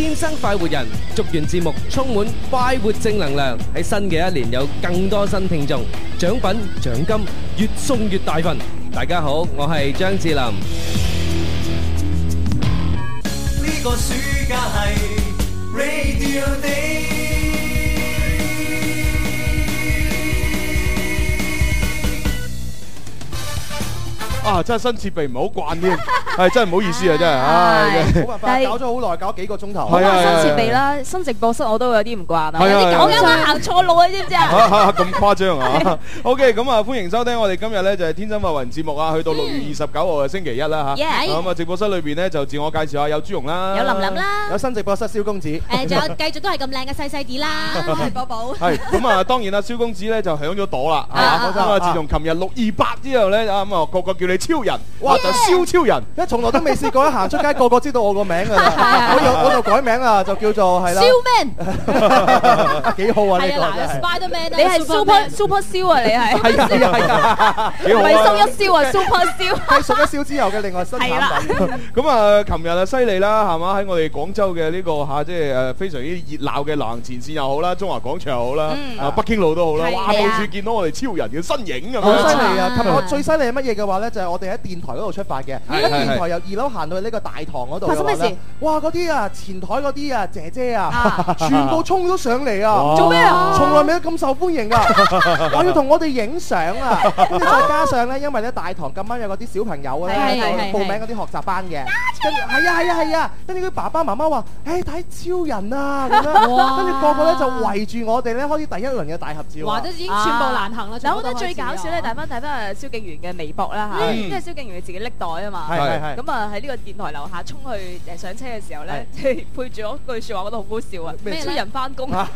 天生快活人，祝願節目充滿快活正能量，喺新嘅一年有更多新聽眾，獎品獎金越送越大份。大家好，我係張智霖。呢個暑假係 Radio Day。啊！真係新設備唔好慣添，係真係唔好意思啊！真係，冇辦法，搞咗好耐，搞幾個鐘頭。係啊，新設備啦，新直播室我都會有啲唔慣啊！係啊，講緊行錯路啊，知唔知啊？咁誇張啊！OK，咁啊，歡迎收聽我哋今日咧就係天生快活人節目啊！去到六月二十九號嘅星期一啦嚇。咁啊，直播室裏邊咧就自我介紹下，有豬紅啦，有林林啦，有新直播室肖公子。誒，仲有繼續都係咁靚嘅細細啲啦，都係寶寶。係咁啊，當然啦，肖公子咧就響咗度啦。啊，咁啊，自從琴日六二八之後咧，咁啊，個個叫你。超人，哇！就超超人，一從來都未試過一行出街，個個知道我個名啊！我我就改名啦，就叫做係啦。Superman，幾好啊！你係 Super SuperShow 啊！你係係啊係啊，幾好啊！縮一超啊，Super Show，縮一超之後嘅另外新產品。咁啊，琴日啊，犀利啦，係嘛？喺我哋廣州嘅呢個嚇，即係誒非常之熱鬧嘅流行前線又好啦，中華廣場又好啦，啊北京路都好啦，哇！到處見到我哋超人嘅身影啊！好犀利啊！最犀利係乜嘢嘅話咧就？ 我哋喺電台嗰度出發嘅，而、嗯、家、嗯、電台由二樓行到去呢個大堂嗰度。發生咩事？哇！嗰啲啊，前台嗰啲啊，姐姐啊，啊全部衝咗上嚟啊！做 咩啊？從來未有咁受歡迎啊。我要同我哋影相啊！啊跟住、啊啊、再加上咧、啊，因為咧大堂今晚有嗰啲小朋友咧喺、啊、報名啲學習班嘅，跟住係啊係啊係啊！跟住佢爸爸媽媽話：誒、哎、睇超人啊咁、啊、樣，跟住個個咧就圍住我哋咧開始第一輪嘅大合照。哇！都已經全部難行啦！嗱、啊，我覺得最搞笑咧，睇翻睇翻阿蕭敬源嘅微博啦嚇。因為蕭敬融係自己拎袋啊嘛，咁啊喺呢個電台樓下衝去誒上車嘅時候咧，即係配住咗一句説話，我覺得好搞笑啊！咩超人翻工係啊，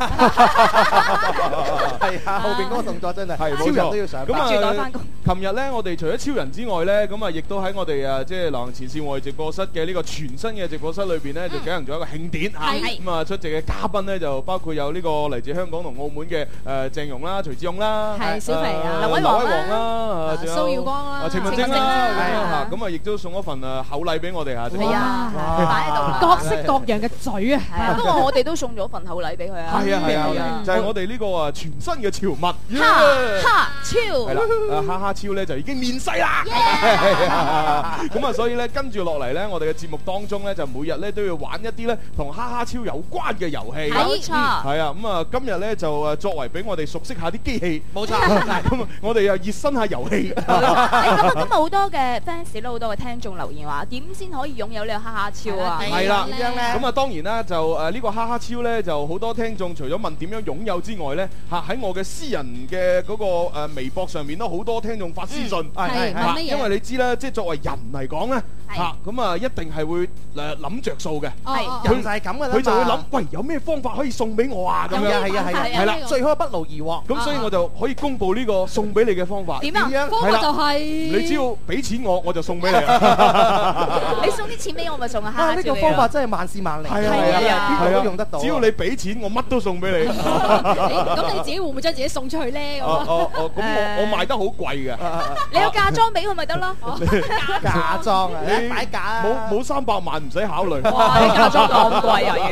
後邊嗰個動作真係超人都要上，拎住袋翻工。琴日咧，我哋除咗超人之外咧，咁啊亦都喺我哋誒即係流行前線外直播室嘅呢個全新嘅直播室裏邊咧，就舉行咗一個慶典啊！咁啊出席嘅嘉賓咧就包括有呢個嚟自香港同澳門嘅誒鄭融啦、徐志勇啦、係小肥啊、劉威煌啦、蘇耀光啦。咁啊，咁啊，亦都送一份誒厚禮俾我哋下先，擺喺度。各式各樣嘅嘴啊，不過我哋都送咗份厚禮俾佢啊。係啊係啊，就係我哋呢個啊全新嘅潮物。哈哈超啦，哈哈超咧就已經面世啦。係啊係啊，咁啊，所以咧跟住落嚟咧，我哋嘅節目當中咧，就每日咧都要玩一啲咧同哈哈超有關嘅遊戲。冇錯，係啊，咁啊，今日咧就誒作為俾我哋熟悉下啲機器。冇錯，咁啊我哋又熱身下遊戲。好多嘅 fans 都好多嘅聽眾留言話點先可以擁有呢個哈哈超啊？係啦，咁啊當然啦，就誒呢個哈哈超咧，就好多聽眾除咗問點樣擁有之外咧，嚇喺我嘅私人嘅嗰個誒微博上面都好多聽眾發私信，係係嚇，因為你知啦，即係作為人嚟講咧，嚇咁啊一定係會誒諗著數嘅，係，佢就係咁嘅啦，佢就會諗，喂，有咩方法可以送俾我啊？咁樣係啊係啊係啦，最好不勞而獲，咁所以我就可以公布呢個送俾你嘅方法點樣？方法就係你只要。俾錢我我就送俾你，你送啲錢俾我咪送啊！哇，呢個方法真係萬事萬利，係啊係啊，邊個都用得到？只要你俾錢，我乜都送俾你。咁你自己會唔會將自己送出去咧？咁啊，咁我我賣得好貴嘅。你有嫁妝俾我咪得咯？嫁妝啊，你擺假啦！冇冇三百萬唔使考慮。哇，你嫁妝咁貴又要，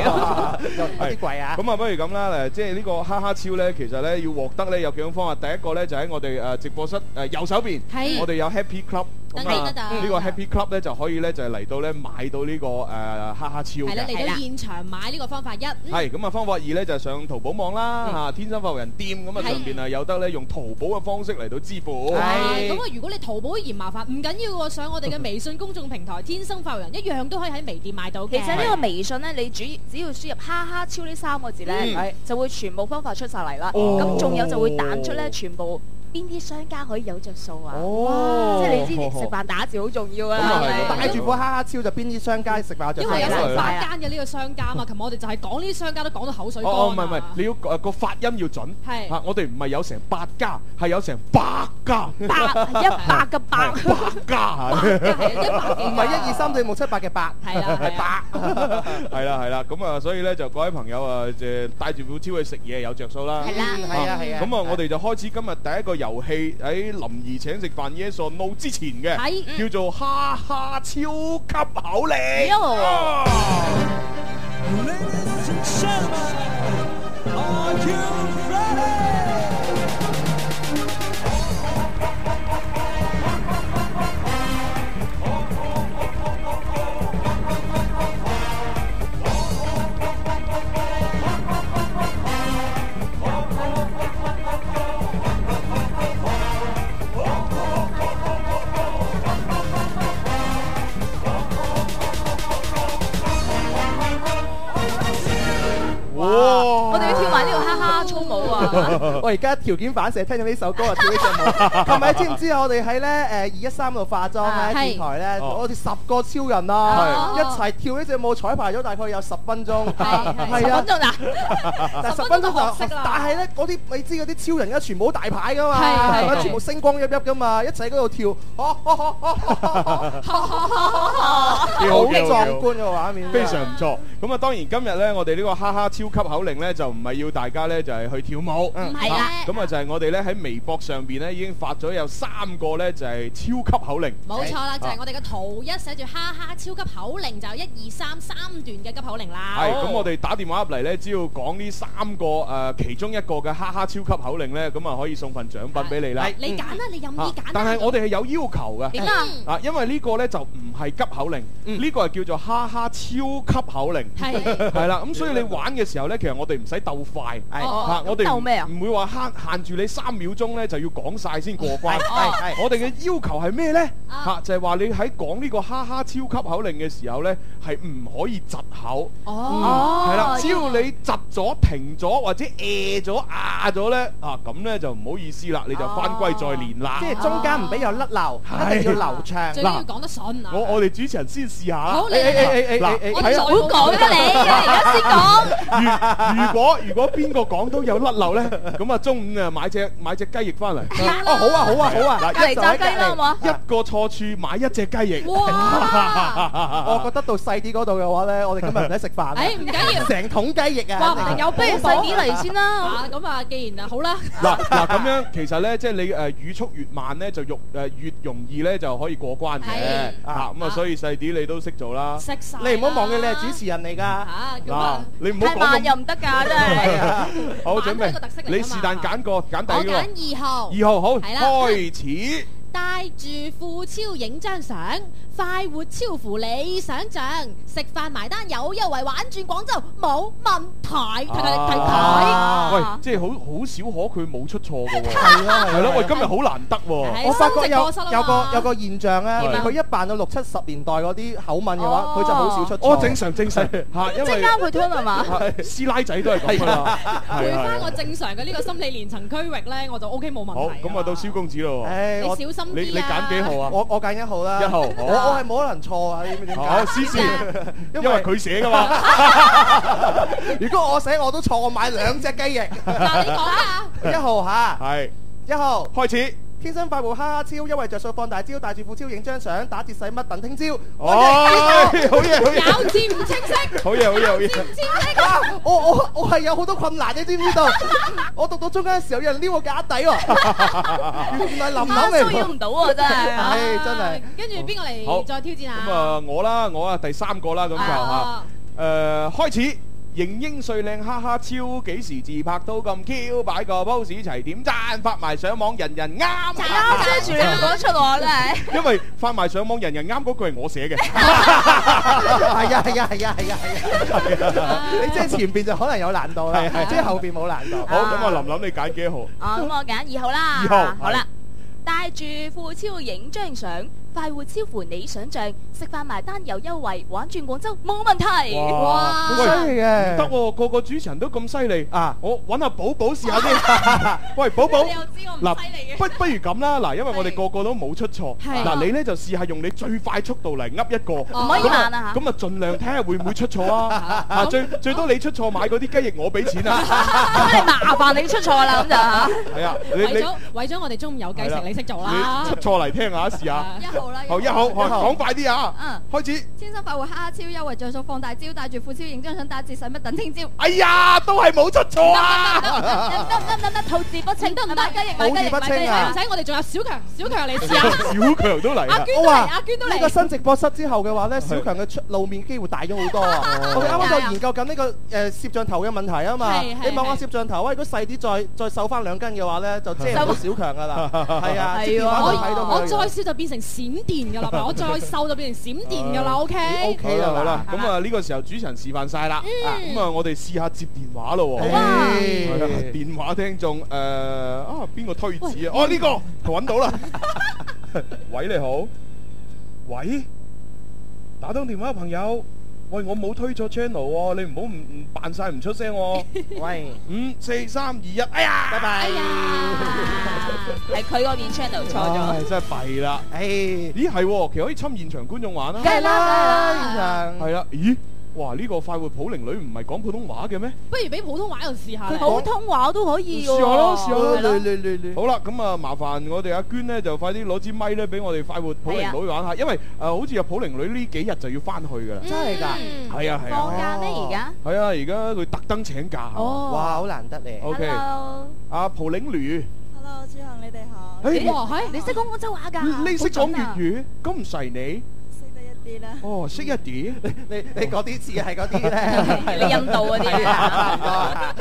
有啲貴啊！咁啊，不如咁啦，嚟即係呢個哈哈超咧，其實咧要獲得咧有幾種方法。第一個咧就喺我哋誒直播室誒右手邊，我哋有 Happy。club，呢、啊這個 Happy Club 咧就可以咧就係嚟到咧買到呢、這個誒、呃、哈哈超嘅。係啦，嚟到現場買呢個方法一。係咁啊，方法二咧就上淘寶網啦嚇、嗯，天生發人店咁啊上邊啊有得咧用淘寶嘅方式嚟到支付。係，咁啊如果你淘寶嫌麻煩，唔緊要喎，我上我哋嘅微信公眾平台 天生發人一樣都可以喺微店買到嘅。而且呢個微信咧，你主只要輸入哈哈超呢三個字咧、嗯，就會全部方法出晒嚟啦。咁、哦、仲有就會彈出咧全部。邊啲商家可以有着數啊？哦，即係你知食飯打字好重要啊！帶住府哈哈超就邊啲商家食飯着數？因為有成八間嘅呢個商家嘛，琴日我哋就係講呢啲商家都講到口水乾啊！唔係唔係，你要個發音要準係啊！我哋唔係有成八家，係有成百家百一百嘅百百家吓，係一百唔係一二三四五六七八嘅百，係啦係百係啦係啦咁啊！所以咧就各位朋友啊，就帶住府超去食嘢有着數啦係啦係啊係啊！咁啊，我哋就開始今日第一個遊戲喺、哎、林怡請食飯 Yes or No 之前嘅、嗯，叫做哈哈超級口令。 啊、我而家條件反射聽咗呢首歌就 跳呢隻舞，係咪？知唔知我哋喺咧誒二一三度化妝咧，電視台咧，好似十個超人咯、啊，一齊跳呢隻舞彩排咗大概有十分鐘，係啊，十分鐘、啊、 但係十分鐘就， 十分鐘就但係咧嗰啲你知嗰啲超人咧、啊、全部好大牌噶嘛，全部星光熠熠噶嘛，一齊喺嗰度跳， 啊啊啊啊啊、 好壯觀嘅畫面，非常唔錯。咁啊，嗯、當然今日咧，我哋呢個哈哈超級口令咧，就唔係要大家咧，就係、是、去跳舞。唔係啦，咁啊就係我哋咧喺微博上面咧已經發咗有三個咧就係超級口令，冇錯啦，就係我哋嘅圖一寫住哈哈超級口令，就有一二三三段嘅急口令啦。係咁，我哋打電話入嚟咧，只要講呢三個誒其中一個嘅哈哈超級口令咧，咁啊可以送份獎品俾你啦。係你揀啦，你任意揀。但係我哋係有要求嘅，點啊？因為呢個咧就唔係急口令，呢個係叫做哈哈超級口令，係啦。咁所以你玩嘅時候咧，其實我哋唔使鬥快，嚇我哋唔。唔、啊、會話限限住你三秒鐘咧，就要講晒先過關。係係，我哋嘅要求係咩咧？嚇、啊啊，就係、是、話你喺講呢個哈哈超級口令嘅時候咧，係唔可以窒口。哦，係、嗯、啦、啊，只要你窒咗、停咗或者誒咗、啊咗咧，啊咁咧就唔好意思啦，你就返歸再練啦、啊。即係中間唔俾有甩漏，一定要流暢。嗱、啊，講得順啊！啊我我哋主持人先試下。好，你你你你你你，我唔早講啊，啊你，而家先講。如果如果邊個講都有甩漏咧？ 咁啊，中午啊，買隻買隻雞翼翻嚟。哦，好啊，好啊，好啊。嚟炸雞啦，好冇，一個錯處買一隻雞翼。哇！我覺得到細啲嗰度嘅話咧，我哋今日唔使食飯。哎，唔緊要，成桶雞翼啊！哇，有不如細啲嚟先啦？吓，咁啊，既然啊，好啦。嗱嗱，咁樣其實咧，即係你誒語速越慢咧，就容誒越容易咧就可以過關嘅。啊，咁啊，所以細啲你都識做啦。識晒。你唔好忘記，你係主持人嚟噶。啊，嗱，你唔好講咁又唔得噶，真係。好，準備。你是但揀個，揀第二個，二號，二號，好，開始。帶住富超影張相，快活超乎你想象，食飯埋單有優惠，玩轉廣州冇問題。睇睇睇睇，喂，即係好好少可佢冇出錯嘅，係咯？喂，今日好難得。我發覺有有個有個現象咧，佢一扮到六七十年代嗰啲口吻嘅話，佢就好少出。哦，正常正常吓，因為即係啱佢吞係嘛？師奶仔都係咁啊！回翻個正常嘅呢個心理連層區域咧，我就 OK 冇問題。好，咁啊到肖公子啦。誒，你小心。你你揀幾號啊？我我揀一號啦。一號， 啊、我我係冇可能錯你 啊！點點解？好，試試，因為佢寫噶嘛。 如果我寫我都錯，我買兩隻雞翼。嗱，你講啦嚇一號嚇。係、啊。是一號開始。天生快活哈哈超，因為著數放大招，帶住副超影張相，打折使乜等聽朝？哦，好嘢好嘢，咬字唔清晰。好嘢好嘢好嘢，唔清晰。我我我係有好多困難，你知唔知道？我讀到中間嘅時候，有人撩我架底喎。原來林肯嚟。我做唔到啊！真係。係真係。跟住邊個嚟再挑戰啊？咁啊，我啦，我啊第三個啦，咁就嚇。誒，開始。型英帥靚，哈哈超幾時自拍都咁 Q，擺個 pose 齊點讚，發埋上網人人啱。啱啱，跟住你都講得出，因為發埋上網人人啱嗰句係我寫嘅。係呀係呀係呀係呀係呀，你即係前邊就可能有難度啦，係係即係後邊冇難度。好，咁我琳琳你揀幾號？我咁我揀二號啦。二號好啦，帶住富超影張相。快活超乎你想象，食飯埋單有優惠，玩轉廣州冇問題。哇，好犀利嘅，得個、哦、個主持人都咁犀利啊！我揾下寶寶試下先。喂，寶寶，你又知我唔犀利嘅，嗱、啊，不不如咁啦，嗱，因為我哋個個都冇出錯，嗱、啊啊，你咧就試下用你最快速度嚟噏一個，唔可以慢啊吓。咁啊，盡量聽下會唔會出錯啊？啊，最最多你出錯買嗰啲雞翼，我俾錢啊！你 麻煩你出錯啦、啊，咁就係啊，你你為咗為咗我哋中午有雞食，你識、啊、做啦。你出錯嚟聽下，試下。 好好一好，講快啲啊！嗯，開始天生快活蝦超優惠像素放大招，帶住富超影真想打字，使乜等聽朝。哎呀，都係冇出錯啊！得得得得得，得得得得，吐字不清得唔得？雞翼雞翼，唔使、啊啊，我哋仲有小強，小強來試啦！小強都嚟，阿娟嚟，阿娟都嚟。喺個新直播室之後嘅話咧，小強嘅出露面機會大咗好多啊！我哋啱啱就研究緊呢個攝像頭嘅問題啊嘛。你問我攝像頭，如果細啲再再瘦翻兩斤嘅話咧，就即到小強噶啦。係啊，我我再小就變成善，閃電噶啦， 我再瘦就變成閃電噶啦，OK？OK 啦，咁啊呢個時候主持人示範晒啦，咁、嗯、啊我哋試下接電話咯，喎、嗯。 電話聽眾誒、呃、啊邊個推子啊？哦呢、這個搵 到啦了， 喂，你好，喂，打通電話嘅朋友。喂，我冇推錯 channel 喎，你唔好唔唔扮曬唔出聲喎、啊。喂、 哎，五四三二一，哎呀，拜 拜。 哎呀，係佢嗰邊 channel 錯咗，真係弊啦。哎，咦係，其實可以侵現場觀眾玩啦、啊。梗係啦，梗係啦，現場係啦，咦？哇！呢個快活普玲女唔係講普通話嘅咩？不如俾普通話又試下。佢普通話都可以喎。試下咯，試下。你你你你。好啦，咁啊，麻煩我哋阿娟咧，就快啲攞支咪咧，俾我哋快活普玲女玩下。因為誒，好似阿普玲女呢幾日就要翻去噶啦。真係㗎。係啊係啊。放假咩而家？係啊，而家佢特登請假嚇。哇，好難得咧。OK，Hello，阿普玲女。Hello，志雄，你哋好。誒，哇，嗨，你識講廣州話㗎？你識講粵語，咁唔細你。哦，識一啲，你你你嗰啲字係嗰啲咧，你印度嗰啲啊？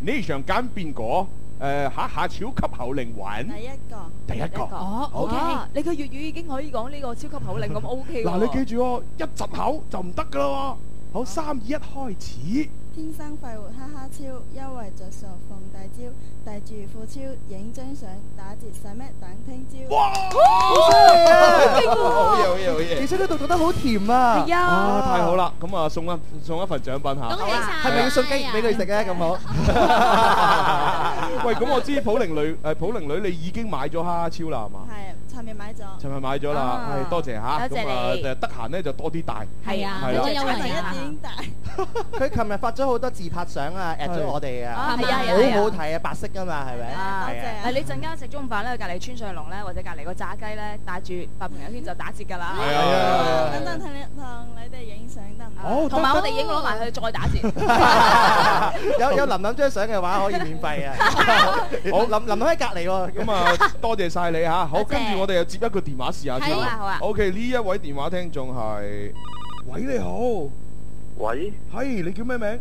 你想揀邊個？誒，下下超級口令玩。第一個，第一個。哦，OK。你個粵語已經可以講呢個超級口令咁 OK。嗱，你記住哦，一窒口就唔得噶咯。好，三二一，開始。天生快活哈哈超優惠著數放大招大住戶超影張相打折使咩等聽朝。好嘢好嘢好嘢！其實呢度做得好甜啊，啊，啊太好啦！咁啊送一送一份獎品吓，係咪要送機翼雞翼俾佢食咧？咁好。 喂，咁我知道普寧女誒普寧女，普寧女你已經買咗蝦超啦係嘛？琴日買咗，琴日買咗啦、啊，多謝嚇、啊，多謝、啊、得閒咧就多啲帶，係啊，啊啊有優惠就一點帶。佢琴日發咗好多自拍相啊，at 咗我哋啊，係 啊，啊啊好好睇啊？白色噶嘛，係咪、啊啊啊、多謝、啊啊。你陣間食中午飯咧，隔離川上龍咧，或者隔離個炸雞咧，帶住發朋友圈就打折㗎啦。係啊，啊，啊，啊，等等同你同你哋影相得唔、哦、得？同埋我哋影攞埋去再打折。 有有林林張相嘅話可以免費啊。好， 林林喺隔離喎。咁啊，多謝晒你嚇。好，跟住我哋又接一個電話試下先啦，OK 呢一位電話聽眾係，喂你好，喂，係、hey, 你叫咩名？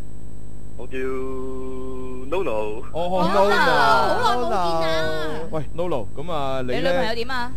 我叫 Nolo。哦，Nolo，好耐冇見啦。喂，Nolo，咁啊，你女朋友點啊？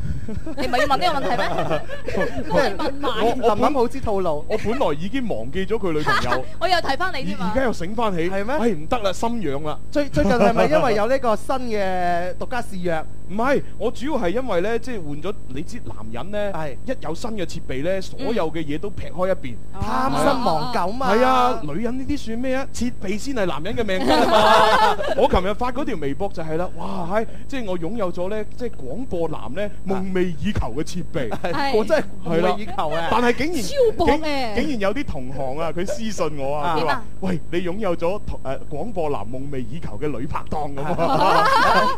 你唔係要問呢個問題咩？都係問埋。諗諗好知套路。我本來已經忘記咗佢女朋友。我又提翻你添啊！而而家又醒翻起，係咩？哎，唔得啦，心癢啦。最最近係咪因為有呢個新嘅獨家試約？唔係，我主要係因為咧，即係換咗你知，男人咧係一有新嘅設備咧，所有嘅嘢都劈開一邊，貪新忘舊啊嘛。係啊，女人呢啲算咩啊？設備。你先係男人嘅命、啊、 我琴日發嗰條微博就係、是、啦，哇！哎、即係我擁有咗咧，即係廣播男咧夢寐以求嘅設備，我真係夢寐以求啊！但係竟然，超薄嘅，竟然有啲同行啊，佢私信我啊，佢、啊、話、啊，喂，你擁有咗誒、呃、廣播男夢寐以求嘅女拍檔咁啊。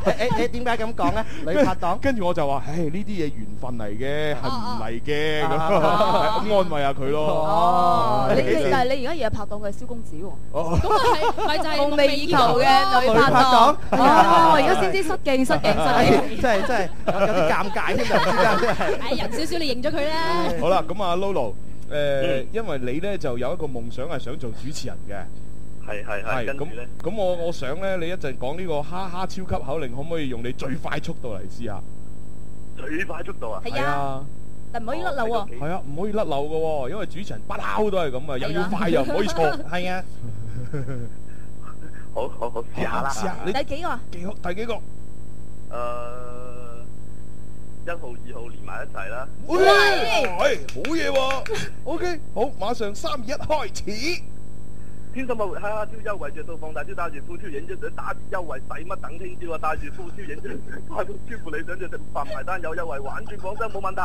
誒點解咁講咧？女拍檔，跟住我就話，唉、哎，呢啲嘢緣分嚟嘅，係唔嚟嘅咁，安慰下佢咯。哦，你但係你而家而家拍檔嘅肖公子喎。咪就係夢寐以求嘅女拍檔哦。而家先知失敬失敬失敬，真係真係有啲尷尬添啊！真係，哎，人少少你認咗佢啦。好啦，咁啊，Lolo，誒，因為你咧就有一個夢想係想做主持人嘅，係係係咁咁，我我想咧你一陣講呢個哈哈超級口令，可唔可以用你最快速度嚟試下？最快速度啊？係啊，但唔可以甩漏喎。係啊，唔可以甩漏㗎，因為主持人不嬲都係咁啊，又要快又唔可以錯。係啊。好 好好，試下啦，啊。你第幾個？幾號第幾個？誒，一號、二號連埋一齊啦。喂，好嘢喎。OK，好，馬上三二一開始。天生冇，哈哈！超優惠著到放大招，帶住富超影啫，打折優惠使乜等聽朝啊！帶住富超影，太舒服理想，就食飯埋單有優惠，玩轉廣州冇問題。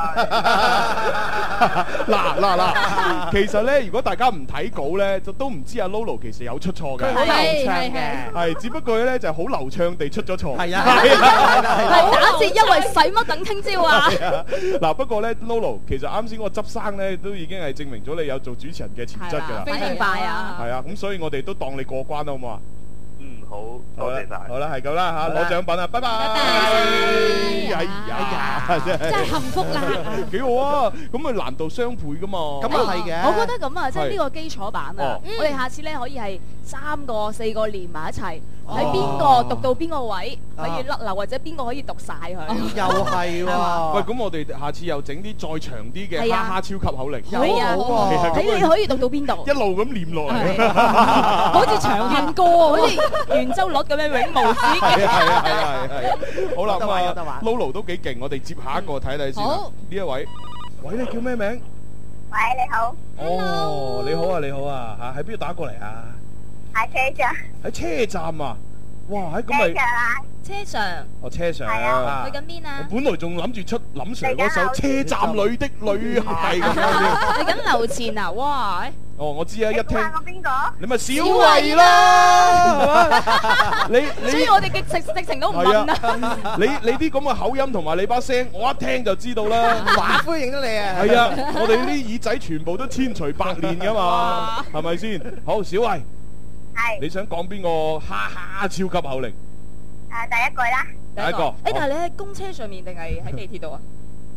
嗱嗱嗱，其實咧，如果大家唔睇稿咧，就都唔知阿 Lolo 其實有出錯嘅。係係係，係只不過咧就係好流暢地出咗錯。係啊，係打折優惠使乜等聽朝啊？嗱，不過咧，Lolo 其實啱先個執生咧，都已經係證明咗你有做主持人嘅潛質㗎啦。明白啊？係啊。所以我哋都當你過關啦，好唔好啊？好，多謝晒。好啦，係咁啦吓，攞獎品啊，拜拜。拜拜。哎呀，真係真係幸福啦。幾好啊，咁啊難度雙倍噶嘛。咁啊係嘅。我覺得咁啊，即係呢個基礎版啊，我哋下次咧可以係三個四個連埋一齊，睇邊個讀到邊個位，可以甩流或者邊個可以讀晒佢。又係喎。喂，咁我哋下次又整啲再長啲嘅哈哈超級口令。係啊，好。睇你可以讀到邊度。一路咁念落嚟。好似長恨歌啊，好似。年收率咁樣永無止境。係啊係啊係啊係啊。好啦，咁啊。Lolo 都幾勁，我哋接下一個睇睇先。好。呢一位，喂，你叫咩名？喂，你好。Hello。你好啊，你好啊，吓喺邊度打過嚟啊？喺車站。喺車站啊？哇！咁咪車上，我車上啊！去緊邊啊？我本來仲諗住出林 Sir 嗰首《車站裏的女孩》咁樣。嚟緊樓前啊！哇！哦，我知啊，一聽。你咪小慧啦！你你。所以我哋直直情都唔問啦。你你啲咁嘅口音同埋你把聲，我一聽就知道啦。華裔嚟啊！係啊！我哋呢啲耳仔全部都千錘百煉㗎嘛，係咪先？好，小慧。你想講邊個哈哈超級口令？誒，第一句啦，第一個。誒，但係你喺公車上面定係喺地鐵度啊？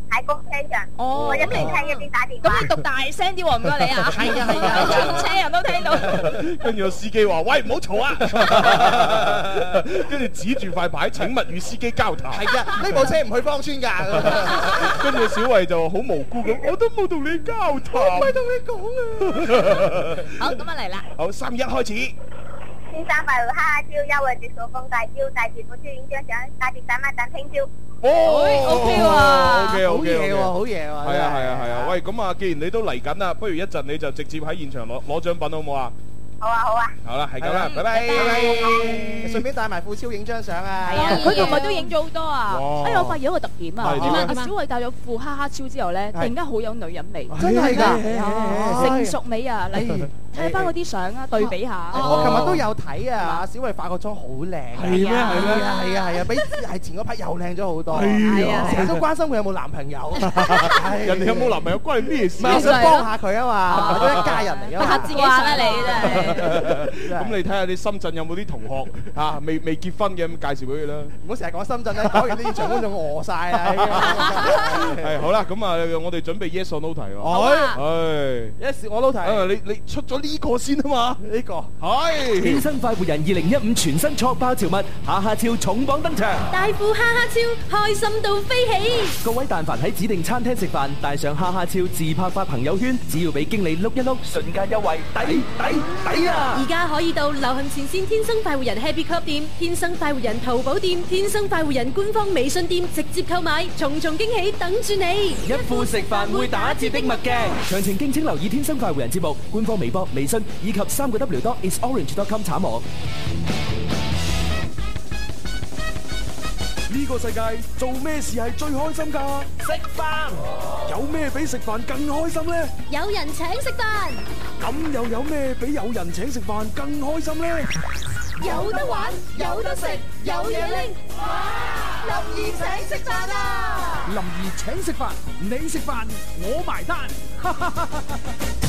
喺公車㗎。哦，咁你一邊聽一邊打電話。咁你讀大聲啲喎，唔該你啊。係啊係啊，公車人都聽到。跟住個司機話，喂，唔好嘈啊！跟住指住塊牌，請勿與司機交談。係噶，呢部車唔去芳村噶。跟住小維就好無辜咁，我都冇同你交談。唔係同你講啊！好，咁啊嚟啦。好，三一開始。先生買副哈哈超優惠折數封大超，帶住副超影張相，帶住晒埋等聽朝。哦，O K 喎，O K O K，好嘢喎，好嘢喎，係啊係啊係啊。喂，咁啊，既然你都嚟緊啦，不如一陣你就直接喺現場攞攞獎品好唔好啊？好啊好啊。好啦，係咁啦，拜拜拜拜。順便帶埋副超影張相啊。係。佢同埋都影咗好多啊。哦。哎，我發現一個特點啊。係。點啊？阿小慧戴咗副哈哈超之後咧，突然間好有女人味，真係噶，成熟美啊，例如。睇翻嗰啲相啊，對比下。我琴日都有睇啊，小慧化個妝好靚。係咩？係咩？係啊係啊，比係前嗰批又靚咗好多。係啊，成日都關心佢有冇男朋友。人哋有冇男朋友關係咩事？我想幫下佢啊嘛，一家人嚟啊嘛。自誇啦你真係。咁你睇下你深圳有冇啲同學嚇未未結婚嘅，介紹俾佢啦。唔好成日講深圳啦，講完呢場都仲餓曬啦。係好啦，咁啊，我哋準備 Yes or No 題喎。係。Yes，我撈題。你你出咗。呢個先啊嘛，呢個係天生快活人二零一五全新挫爆潮物，哈哈超重磅登場，大富哈哈超開心到飛起。各位但凡喺指定餐廳食飯，帶上下哈哈超自拍發朋友圈，只要俾經理碌一碌，瞬間優惠抵抵抵啊！而家可以到流行前線天生快活人 Happy Club 店、天生快活人淘寶店、天生快活人官方微信店直接購買，重重驚喜等住你。一副食飯會打折的墨鏡嘅，詳情敬請留意天生快活人節目官方微博。微信以及三個 w dot is orange dot com 查網。呢個世界做咩事係最開心㗎？食飯。有咩比食飯更開心咧？有人請食飯。咁又有咩比有人請食飯更開心咧？有得玩，有得食，有嘢拎。哇！林兒請食飯啊！林兒請食飯，你食飯我埋單。哈哈哈哈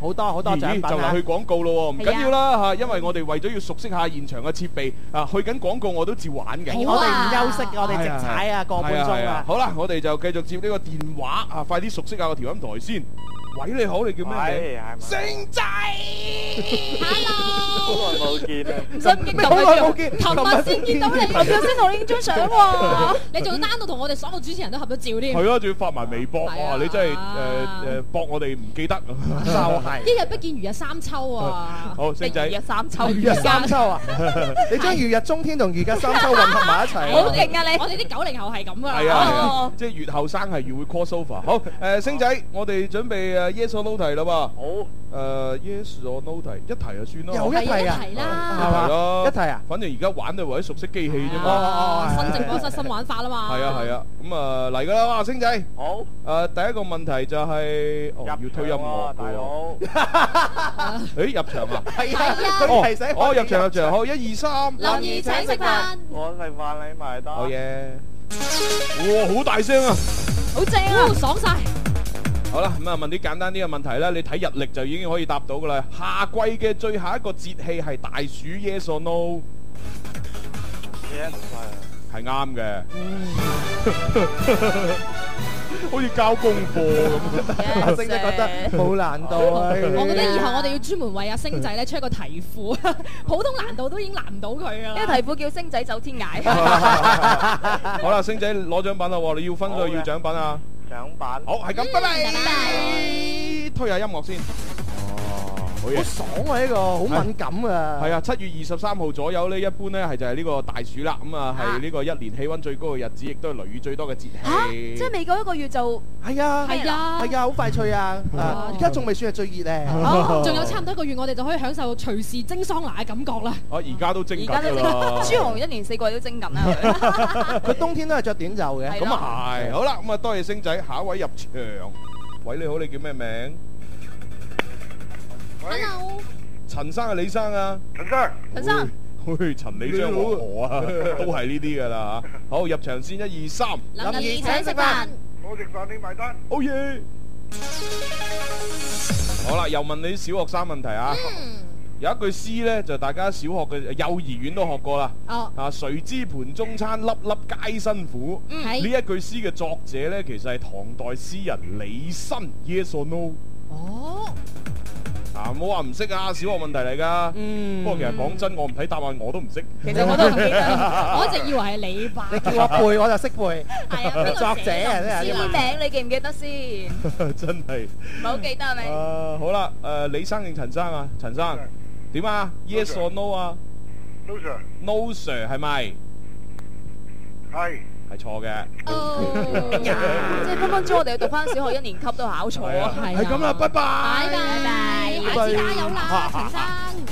好多好多，就嚟去廣告咯喎，唔緊要啦、啊、因為我哋為咗要熟悉下現場嘅設備啊，去緊廣告我都照玩嘅、啊。我哋唔休息，我哋直踩啊，哎、呀個半鐘啊、哎哎。好啦，我哋就繼續接呢個電話啊，快啲熟悉下個調音台先。喂，你好，你叫咩名？星仔 ，Hello，好耐冇見啊！新嘅咁嘅樣，頭先見到你，頭先同你影張相喎，你仲單獨同我哋所有主持人都合咗照添。係啊，仲、哎、要發埋微博、啊啊啊、你真係誒誒，博、呃呃、我哋唔記得、啊，係一日不見如日三秋啊！好，星仔，如日三秋，如日三秋啊！秋啊秋啊 你將如日中天同而家三秋混合埋一齊、啊啊，好勁啊！你，我哋啲九零後係咁噶啦，即係越後生係越會 call sofa。好，誒，星仔，我哋準備耶！所都提啦嘛，好誒，耶！所都提一提就算啦，又一提啊，係啦，一提咯，一提啊，反正而家玩就為咗熟悉機器啫嘛，新正方式新玩法啦嘛，係啊係啊，咁啊嚟噶啦，星仔，好誒，第一個問題就係，哦，要推音喎，大佬，誒，入場啊，係啊，哦，哦，入場入場，好，一二三，林怡請食飯，我食飯你埋單，好嘢，哇，好大聲啊，好正啊，爽晒。好啦，咁啊問啲簡單啲嘅問題啦，你睇日曆就已經可以答到噶啦。夏季嘅最後一個節氣係大暑，Yes or No? 係啱嘅。Mm. 好似交功課咁。Oh, yes, 星仔覺得冇難度、啊 oh, yeah. 我覺得以後我哋要專門為阿、啊、星仔咧出個題庫， 普通難度都已經難唔到佢啦。呢 個題庫叫星仔走天涯。 好啦，星仔攞獎品啦，你要分佢要獎品啊！好，係咁，拜拜，拜拜，推下音樂先。好爽啊！呢、呢個好敏感啊！係啊，七、啊、月二十三號左右呢，一般呢係就係呢個大暑啦。咁啊，係呢個一年氣温最高嘅日子，亦都係雷雨最多嘅節氣。啊、即係未過一個月就係啊！係啊！係啊！好快脆啊！而家仲未算係最熱咧、啊。仲、啊、有差唔多一個月，我哋就可以享受隨時蒸桑拿嘅感覺啦。哦、啊，而家都蒸㗎啦！豬 紅一年四季都蒸緊啊！佢 冬天都係着短袖嘅。咁啊係、就是啊。好啦，咁、嗯、啊多謝星仔，下一位入場。喂，你好，你叫咩名？hello，陳生，生啊，陳生陳生陳李生啊，陳生，陳生，唉，陳李張何何啊，都係呢啲噶啦吓。好，入場先，一二三，林怡請食飯，我食飯你埋單，O、oh, yeah、好啦，又問你啲小學生問題啊。Mm. 有一句詩咧，就是、大家小學嘅幼兒園都學過啦。哦、oh.，啊，誰知盤中餐，粒粒皆辛苦。呢、mm. 一句詩嘅作者咧，其實係唐代詩人李紳。Mm. Yes or no？哦、oh.。啊！唔好話唔識啊，小學問題嚟噶。嗯。不過其實講真，我唔睇答案，我都唔識。其實我都唔記得，我一直以為係李白。你叫我背，我就識背。係啊。作者啊，啲人啲名你記唔記得先？真係。唔好記得係咪？啊，好啦，誒，李生定陳生啊？陳生，點啊？Yes or no 啊？No sir。No sir 係咪？係。係錯嘅，oh, 即係分分鐘我哋讀翻小學一年級都考錯啊！係咁啦，拜拜，拜拜，下次加油啦，陳 生。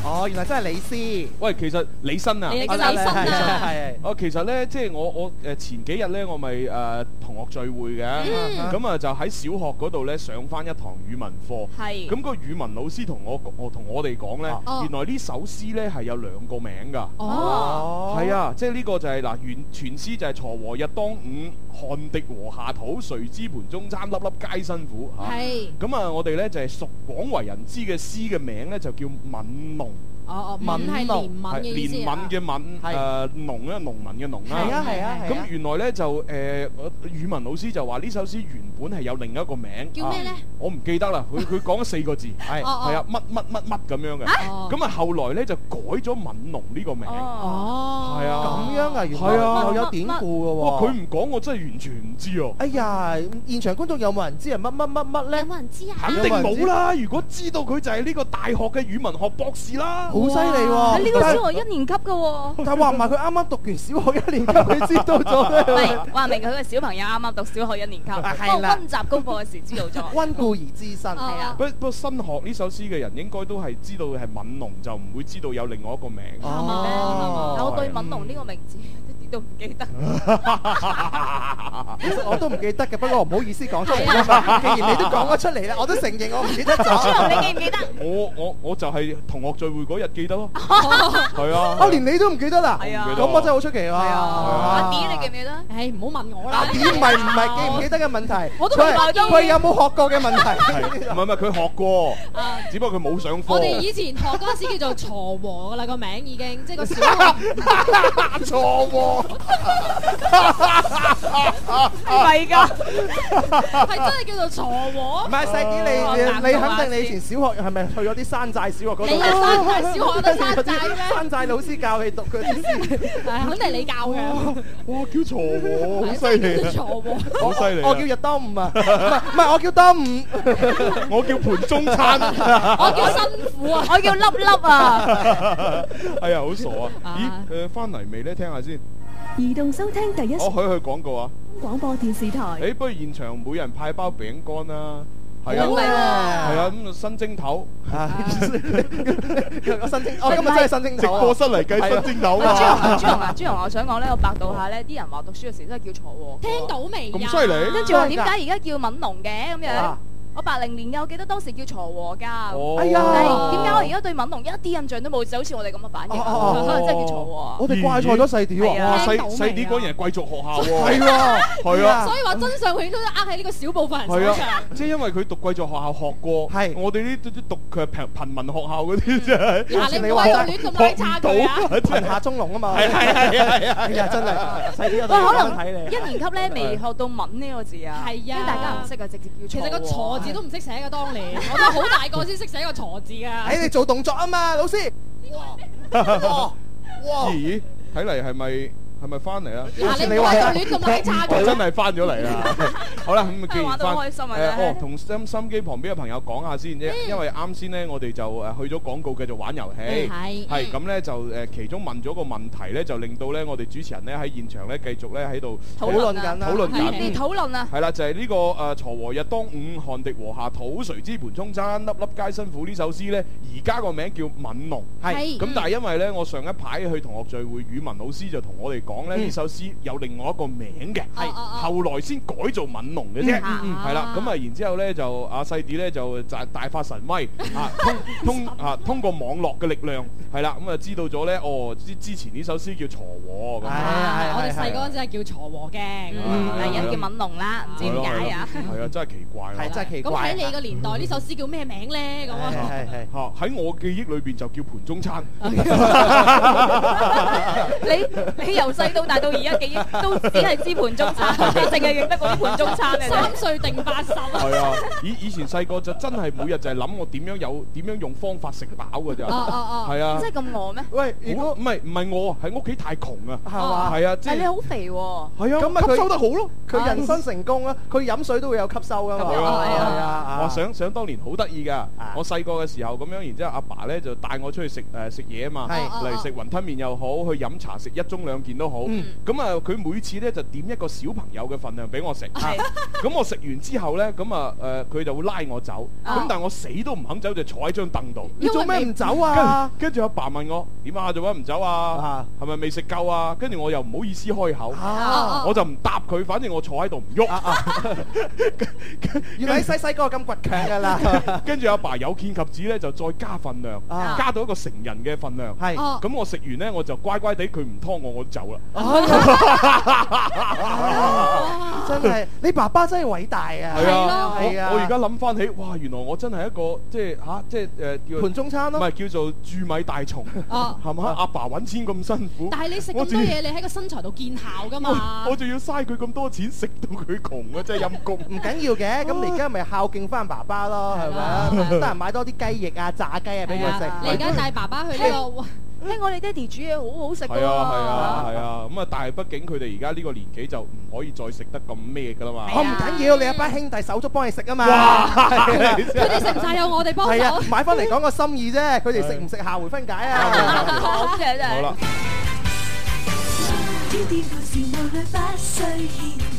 哦，原來真係李詩。喂，其實李紳啊，係係係。哦，啊、 哦，其實咧，即係我我誒前幾日咧，我咪誒、呃、同學聚會嘅、啊，咁 啊就喺小學嗰度咧上翻一堂語文課。係。咁個語文老師同我我同我哋講咧，原來首呢首詩咧係有兩個名噶、啊。哦。係啊，啊，即係呢個就係、是、嗱，全全詩就係鋤禾日。當午汗滴禾下土，誰知盤中餐，粒粒皆辛苦。係。咁啊，那我哋咧就係、是、屬廣為人知嘅詩嘅名咧，就叫《憫農》。哦哦，憫農係憐憫嘅詩啊，憐憫嘅憫，誒農民嘅農啦。啊係啊。咁、啊啊啊啊、原來咧就我、呃、語文老師就話呢首詩原本係有另一個名，叫咩咧、呃？我唔記得啦。佢佢講咗四個字，係 係、哦、啊乜乜乜乜咁樣嘅。嚇、啊！咁啊後，後來咧就改咗《憫農》呢個名。哦。係啊。咁樣啊？原來又、啊啊、有典故嘅喎。佢唔講我真係完全唔知道啊。哎呀！現場觀眾有冇人知啊？乜乜乜乜咧？有冇人知啊？肯定冇啦！如果知道佢就係呢個大學嘅語文學博士啦。好犀利喎！呢哇個小學一年級嘅喎，哦，但係話唔埋佢啱啱讀完小學一年級佢 知道咗。話 明佢係小朋友啱啱讀小學一年級，不過溫習功課嘅時知道咗。溫 故而知新，係啊！啊不不過新學呢首詩嘅人應該都係知道係憫農，就唔會知道有另外一個名。係嘛？我對憫農呢個名字都唔記得，哈哈哈哈哈哈 其實我都唔記得嘅，不過唔好意思講出嚟。既然你都講咗出嚟啦，我都承認我唔記得咗。 你記唔記得？我我我就係同學聚會嗰日記得咯。係、哦、啊，我連你都唔記得啦。係啊，咁我真係好出奇啊！阿 Dee、啊啊、你記唔記得？唔、欸、好問我啦。嗱、啊，Dee 咪唔係記唔記得嘅問題？我都問到佢有冇學過嘅問題。唔係唔係，佢學過、呃，只不過佢冇上課。我哋以前學嗰陣時叫做鋤禾噶啦，個名已經即係、就是、個小 唔係噶？係真係叫做鋤禾？唔係細啲，你你、啊哦、你肯定你以前小學係咪去咗啲山寨小學嗰度？你喺、啊、山寨小學都「山寨咩？山寨老師教你讀他的、 嗯，肯定是你教嘅、啊。我叫鋤禾，好犀利、啊。鋤禾，好犀利。我叫日當午啊，唔係我叫當午，我叫盤 中餐。 我叫辛苦啊， 我叫粒粒啊。 哎呀，好傻啊！咦，誒、呃，翻嚟未咧？聽下先。移動收聽第一城廣、哦，去廣告啊、播電視台。誒、欸，不如現場每人派包餅乾啦，係啊，係啊，咁、啊、新蒸頭、啊、 新蒸。我今日真係新蒸直播室嚟計新蒸頭豬紅啊，豬啊，豬紅、啊啊啊，我想講呢，我百度下呢啲人話讀書嘅時都係叫坐喎、啊。聽到未？咁犀利！跟住話點解而家叫敏龍嘅咁樣？啊八零年嘅我記得當時叫鋤禾㗎。的哦、哎呀，點解我而家對憫農一啲印象都冇，就好似我哋咁嘅反應、啊嗯，可能真係叫鋤禾。我哋怪錯咗細啲喎、嗯啊啊啊，細啲果然係貴族學校喎、啊。係 啊，啊，啊，所以話真相佢都呃喺呢個小部分人即係、啊就是、因為佢讀貴族學校學過。係我哋呢啲讀佢係貧民學校嗰啲啫。查、嗯啊、你怪族亂咁鬼差嘅、啊，問、啊啊、 下中農啊嘛。係係係係啊！真 係。喂，可能一年級咧 未學到憫呢個字啊，咁大家唔識啊，直接叫鋤禾。其實、那個鋤字。你都唔識寫㗎當年，我都好大個先識寫個錯字㗎！喺你做動作啊嘛，老師！哇哇咦，睇嚟係咪？係咪翻嚟啦？嗱、啊，你話茶咁，你、哦、真係翻咗嚟啦！好啦，咁、嗯、啊，既然翻，誒、呃，哦，同心心機旁邊嘅朋友講下先啫、嗯，因為啱先咧，我哋就誒去咗廣告，繼續玩遊戲，係、嗯，係咁咧就誒其中問咗個問題咧，就令到咧我哋主持人咧喺現場咧繼續咧喺度討論緊，討論緊，討論啊！係啦、嗯，就係、是、呢、這個誒，鋤、啊、禾日當午，汗滴禾下土，誰知盤中餐，粒粒皆辛苦呢首詩咧，而家個名叫《憫農》，係，咁但係因為咧，我上一排去同學聚會，語文老師就同我哋。講咧，呢首詩有另外一個名嘅，後來先改做《憫農》嘅啫，係啦。咁啊，然之後咧就阿細弟咧就就大發神威啊，通通啊通過網絡嘅力量係啦，咁啊知道咗咧哦之之前呢首詩叫《鋤禾》咁啊，我哋細個嗰陣叫《鋤禾》嘅，大人叫《憫農》啦，唔知點解啊？係啊，真係奇怪啦！係真係奇怪。咁喺你個年代，呢首詩叫咩名咧？咁啊，喺我記憶裏邊就叫《盤中餐》。你你又？細到大到而家記憶都只係知盤中餐，淨 係 認得嗰啲盤中餐 三歲定八十 啊，啊！啊，以以前細個就真係每日就係諗我點樣有點樣用方法食飽㗎咋？哦哦啊！係啊！真係咁餓咩？喂，如果唔係唔係我喺屋企太窮啊，係嘛？係啊，即係你好肥喎！啊，咁咪、啊啊啊、吸收得好咯？佢人生成功啊！佢飲水都會有吸收㗎嘛？係啊係啊！哇、啊，啊啊、我想想當年好得意㗎！我細個嘅時候咁樣，然之後阿爸咧就帶我出去食誒食嘢啊嘛，嚟食、啊、雲吞麵又好、啊、好，去飲茶食一盅兩件都～好，咁啊佢每次咧就點一個小朋友嘅份量俾我食，咁我食完之後咧，咁啊，誒佢就會拉我走，咁但係我死都唔肯走，就坐喺張凳度。因為你做咩唔走啊？跟住阿爸問我點啊，做咩唔走啊？係咪未食夠啊？跟住我又唔好意思開口，我就唔答佢，反正我坐喺度唔喐。原來細細個咁倔強噶啦，跟住阿爸有見及此咧，就再加份量，加到一個成人嘅份量。咁我食完咧，我就乖乖地，佢唔拖我，我走啦。真係你爸爸真係偉大啊！係啊！啊！我而家諗翻起，哇！原來我真係一個即係吓即係誒，叫盤中餐咯，唔係叫做蛀米大蟲哦。係咪阿爸搵錢咁辛苦？但係你食咁多嘢，你喺個身材度見效噶嘛？我仲要嘥佢咁多錢，食到佢窮啊！真係陰功。唔緊要嘅，咁你而家咪孝敬翻爸爸咯，係咪得閒買多啲雞翼啊、炸雞啊俾佢食。你而家帶爸爸去個。聽我哋爹哋煮嘢好好食噶，係啊係啊係啊，咁啊！但係畢竟佢哋而家呢個年紀就唔可以再食得咁咩噶啦嘛。唔緊要，你一班兄弟手足幫你食啊嘛。哇！佢哋食唔晒有我哋幫。係啊，買翻嚟講個心意啫。佢哋食唔食下回分解啊？好啦。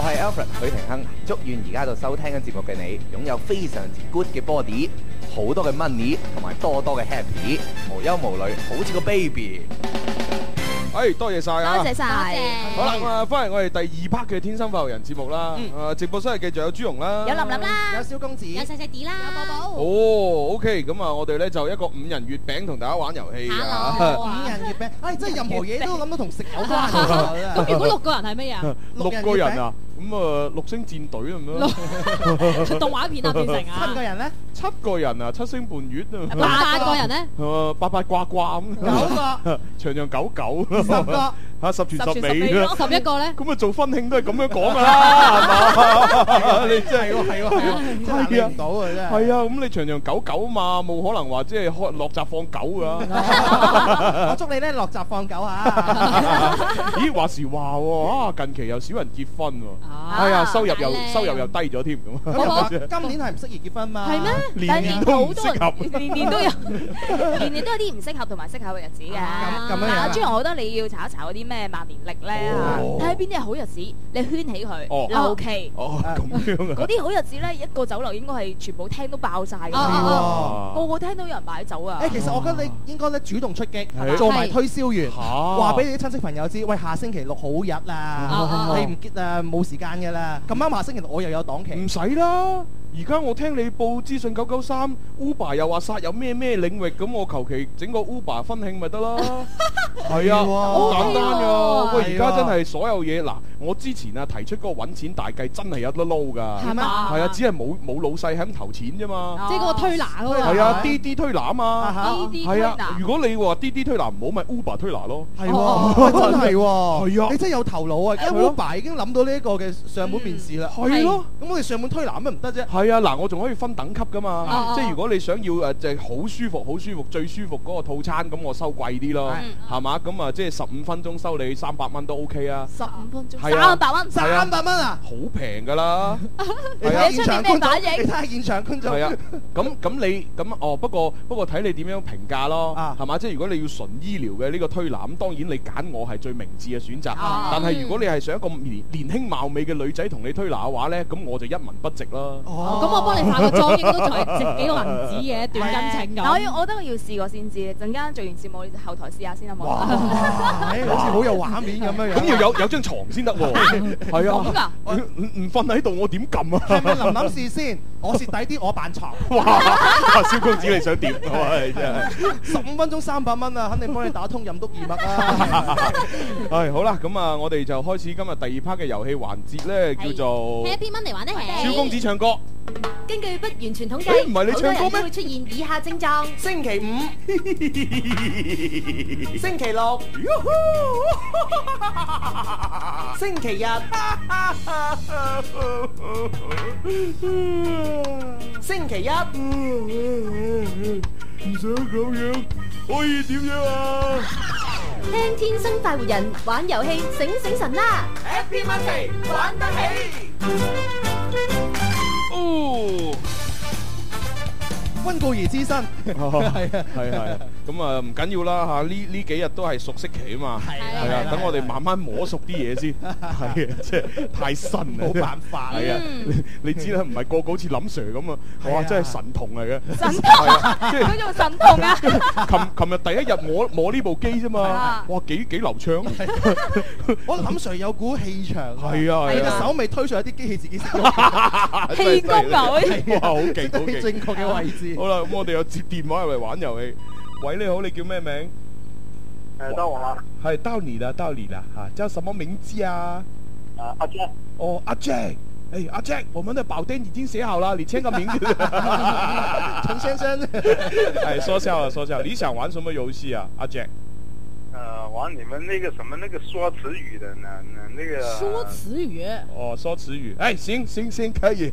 我係 Alfred 許廷鏗，祝願而家度收聽緊節目嘅你，擁有非常之 good 嘅 body，好多嘅 money，同埋多多嘅 happy，無憂無慮，好似個 baby。哎，多謝曬啊！多謝曬，好啦咁啊，翻嚟我哋第二 part 嘅天生發育人節目啦。嗯，啊直播室係繼續有豬紅啦，有林林啦，有肖公子，有細細哋啦，有寶寶。哦，OK，咁啊，我哋咧就一個五仁月餅同大家玩遊戲嘅嚇，五仁月餅，哎，即係任何嘢都諗到同食有關啦。咁如果六個人係咩啊？六個人啊？咁啊，六星戰隊咁咯，動畫片啊，變成啊，七個人咧？七個人啊，七星伴月啊。八個人咧？誒，八八卦卦咁。九個，長長久久。十個，吓十全十美啦。十一個咧？咁啊，做婚慶都係咁樣講噶啦，你真係係啊，睇唔到啊，真係。係啊，咁你長長久久嘛，冇可能話即係開落閘放狗噶。我祝你咧落閘放狗吓。咦，話時話，啊，近期又少人結婚。係啊，收入又收入又低咗添咁。今年係唔適宜結婚嘛？係咩？年年都適合，年年都有，年年都有啲唔適合同埋適合嘅日子嘅。咁樣樣。朱洋，我覺得你要查一查嗰啲咩萬年曆咧，睇下邊啲係好日子，你圈起佢，你 OK。哦，咁樣啊！嗰啲好日子咧，一個酒樓應該係全部廳都爆曬嘅。哦哦哦！個個廳都有人擺酒啊！誒，其實我覺得你應該咧主動出擊，做埋推銷員，話俾你啲親戚朋友知，喂，下星期六好日啊，你唔結啊冇事。間嘅啦，咁啱下星期六我又有檔期，唔使啦。而家我聽你報資訊九九三，Uber 又話殺入咩咩領域，咁我求其整個 Uber 婚慶咪得咯。係啊，好簡單㗎。不過而家真係所有嘢嗱，我之前啊提出嗰個揾錢大計真係有得撈㗎，係咩？係啊，只係冇冇老細肯投錢啫、哦啊、嘛。即係嗰個推拿啊係啊，滴滴推拿啊嘛。係啊，如果你話滴滴推拿唔好，咪、就是、Uber 推拿咯。係、uh -huh。啊哦啊、真係喎、啊。係啊，你真係有頭腦啊！因為 Uber 已經諗到呢一個嘅上門面試啦。係咯、啊。咁、啊啊、我哋上門推拿都唔得啫？係啊，嗱、啊，我仲可以分等級㗎嘛。啊啊、即係如果你想要誒，就係、是、好舒服、好舒服、最舒服嗰個套餐，咁我收貴啲咯。係嘛，咁啊，即係十五分鐘收你三百蚊都 OK 啊。十五分鐘。三百蚊，三百蚊啊，好平㗎啦！ 你睇下、啊、現場觀、啊，你睇下現場，觀眾。係啊，咁咁你咁哦，不過不過睇你點樣評價咯，係、啊、嘛？即係、就是、如果你要純醫療嘅呢個推拿，咁當然你揀我係最明智嘅選擇。啊、但係如果你係想一個年年輕貌美嘅女仔同你推拿嘅話咧，咁我就一文不值啦。哦、啊，咁、啊、我幫你化個妝，應 該都值幾個銀紙嘅一段感情。我我覺得要試過先知，陣間做完節目，你後台試下先啊，冇？哇， 欸、好似好有畫面咁樣樣。咁 要有有張床先得。係啊，咁、啊、噶？唔瞓喺度，我點撳啊？係咪諗諗試先？ 我蝕底啲，我扮藏。哇！肖公子你想點？啊？真係十五分鐘三百蚊啊，肯定幫你打通任督二脈啦。係好啦，咁啊， 是是哎、我哋就開始今日第二 part 嘅遊戲環節咧，叫做。係一篇文嚟玩得起。肖公子唱歌。根據不完全統計，欸、唔係你唱歌咩？人都會出現以下症狀。星期五。星期六。 星期日。 星期一，唔、啊啊啊啊、想咁樣，可以點樣啊？聽天生快活人玩遊戲，醒醒神啦、啊！Happy Monday，玩得起。Oh. 溫故而知新，係啊，係係，咁啊唔緊要啦吓，呢呢幾日都係熟悉期啊嘛，係啊，等我哋慢慢摸熟啲嘢先，係啊，即係太新啊，冇辦法，係啊，你你知啦，唔係個個好似林 Sir 咁啊，哇，真係神童嚟嘅，神童，即係佢仲神童啊，琴琴日第一日摸摸呢部機啫嘛，哇，幾幾流暢，我諗 Sir 有股氣場，係啊，你隻手未推上一啲機器自己氣功啊，哇，好勁，好勁，正確嘅位置。 好啦，咁我哋又接電話入嚟玩遊戲。喂，你好，你叫咩名？到我啦。係、哎、到你喇，到你喇吓、啊，叫什麼名字啊？阿、uh, Jack。哦，阿、啊、Jack，誒、哎，阿、啊、Jack，我們的保單已經寫好了，你簽個名字了。陳 先生， 哎，說笑了，說笑。你想玩什麼遊戲啊，阿、啊、Jack？呃、uh,，玩你們那個什麼那個說詞語的呢，呢那那個、啊。說詞語。哦，說詞語，哎，行行行，行，可以。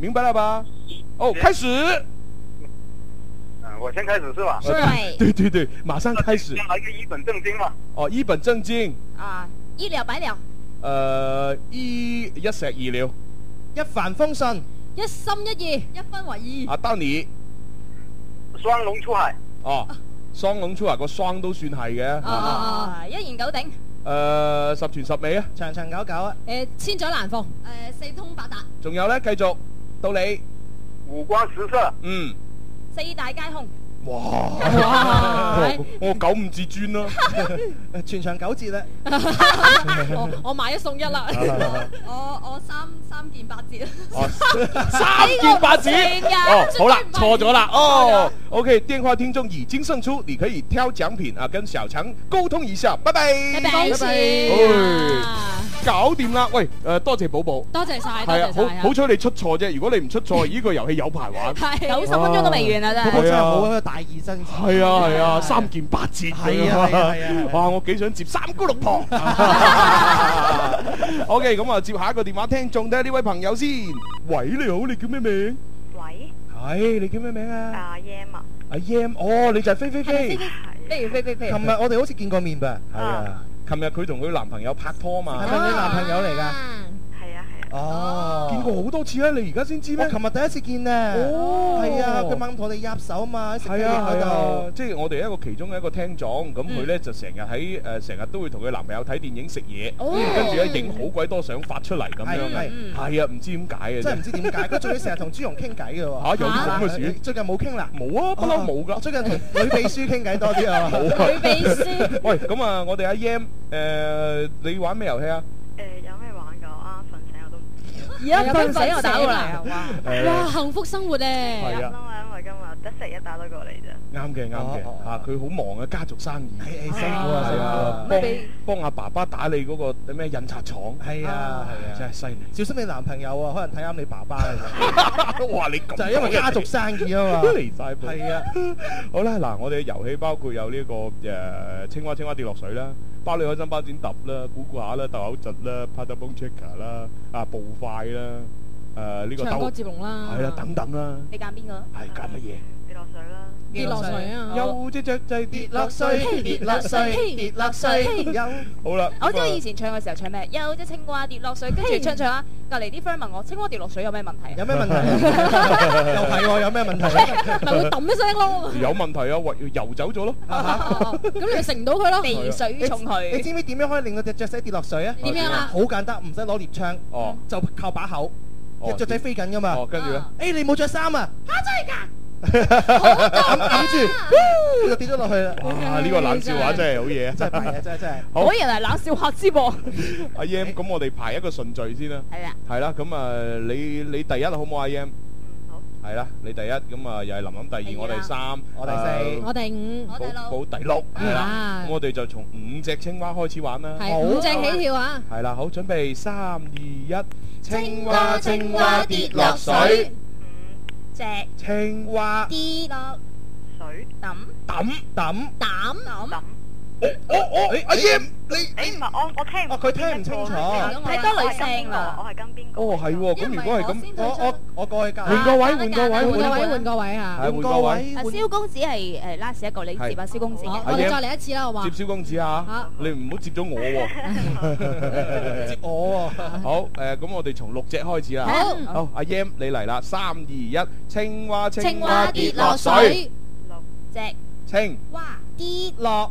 明白了吧？哦、oh,，開始。Uh, 我先開始是吧？是。 對對對，馬上開始。先來個一本正經嘛。哦、oh, uh, uh,，一本正經。啊，一了百了。呃，一一石二鳥。一帆風順，一心一意，一分為二。啊、uh,，到你。雙龍出海。哦、oh, 啊。雙龍出海，個雙都算係嘅。啊、uh, uh, 一言九鼎。呃、uh,，十全十美啊，長長久久啊。誒、uh,，千載難逢。誒、呃，四通八達。仲有咧，繼續。到你，五光十色，嗯，四大皆空，哇， 我九五至尊啦， 全場九折咧，我我買一送一啦， 我我三三件八折 三件八折、 這個啊，哦，好啦，錯 咗啦，哦 ，OK，電話聽眾已經勝出，你可以挑獎品啊，跟小強溝通一下，拜拜，拜拜拜，拜，拜，拜，拜，拜、哎搞掂啦！喂，誒，多謝寶寶，多謝晒，係啊，好好彩你出錯啫，如果你唔出錯，依個遊戲有排玩。係九十分鐘都未完啦真係。寶寶真係好大義，真係。係啊係啊，三件八折。係啊係啊，哇，我幾想接三姑六婆。OK，咁啊接下一個電話聽眾，睇下，呢位朋友先。喂，你好，你叫咩名？喂。係你叫咩名啊？阿 Yam 啊。阿 Yam，哦，你就係飛飛飛。飛飛，飛飛飛飛。琴日我哋好似見過面噃。係啊。琴日佢同佢男朋友拍拖啊嘛，係咪你男朋友嚟㗎？啊！見過好多次咧，你而家先知咩？我琴日第一次見咧。哦，係啊，佢猛咁同我哋握手嘛，喺食嘢。係啊，係啊，即係我哋一個其中一個聽眾咁，佢咧就成日喺誒，成日都會同佢男朋友睇電影食嘢。哦，跟住咧影好鬼多相發出嚟咁樣嘅。係啊，唔知點解嘅真係唔知點解。佢仲要成日同豬紅傾偈嘅喎。嚇，有啲咁嘅事？最近冇傾啦。冇啊，不嬲冇噶。最近同女秘書傾偈多啲啊。冇。女秘書。喂，咁啊，我哋阿 Yam，誒，你玩咩遊戲啊？誒有。而家瞓醒又打啦， 哇！幸福生活咧。得食日打到過嚟啫，啱嘅啱嘅，啊佢好忙啊，家族生意，係啊，幫幫阿爸爸打理嗰、那個咩印刷廠，係啊係啊，啊真係犀利。小心你男朋友啊，可能睇啱你爸爸啊。哇 你真的， 就因為家族生意啊嘛，係 啊。 好啦，嗱，我哋遊戲包括有呢、這個誒、uh, 青蛙青蛙跌落水啦，包你開心包剪揼啦，估估下啦，鬥口疾啦，patapon checker 啦，啊步快啦。誒，呢個唱歌接龍啦，係啦，等等啦，你揀邊個？係揀乜嘢？跌落水啦，跌落水啊！有隻雀仔跌落水，跌落水，跌落水，有好啦。我知我以前唱嘅時候唱咩？有隻青蛙跌落水，跟住唱唱下，隔籬啲 friend 問我：青蛙跌落水有咩問題？有咩問題？又係喎，有咩問題？咪會掟一聲咯。有問題啊？喂，要游走咗咯。咁你食唔到佢咯？肥水從渠。你知唔知點樣可以令到隻雀仔跌落水啊？點樣啊？好簡單，唔使攞獵槍，哦，就靠把口。隻雀仔飛緊噶嘛？哦，跟住咧，誒，你冇着衫啊？吓真係噶，揞揞住，佢就跌咗落去啦。哇，呢個冷笑話真係好嘢，真係真係真係。果然係冷笑話之王。阿 Y M，咁我哋排一個順序先啦。係啊。係啦，咁啊，你你第一好冇啊 Y M？係啦，你第一，咁啊又係林林，第二我哋三，我哋四，我哋五，保保第六，係啦，我哋就從五隻青蛙開始玩啦，好正起跳啊！係啦，好準備三二一，青蛙青蛙跌落水，五隻青蛙跌落水，抌抌抌抌。我我我，阿 Yam，你你唔係我我聽唔，佢聽唔清楚，太多女聲啦，我係跟邊個？哦係喎，咁如果係咁，我我我過去換個位，換個位，換個位，換個位啊，換個位。阿肖公子係誒 last 一個，你接啊，肖公子。我哋再嚟一次啦，我話接肖公子啊，你唔好接咗我，接我。好，誒，咁我哋從六隻開始啦。好好，阿 Yam 你嚟啦，三二一，青蛙青蛙跌落水，六隻青蛙跌落。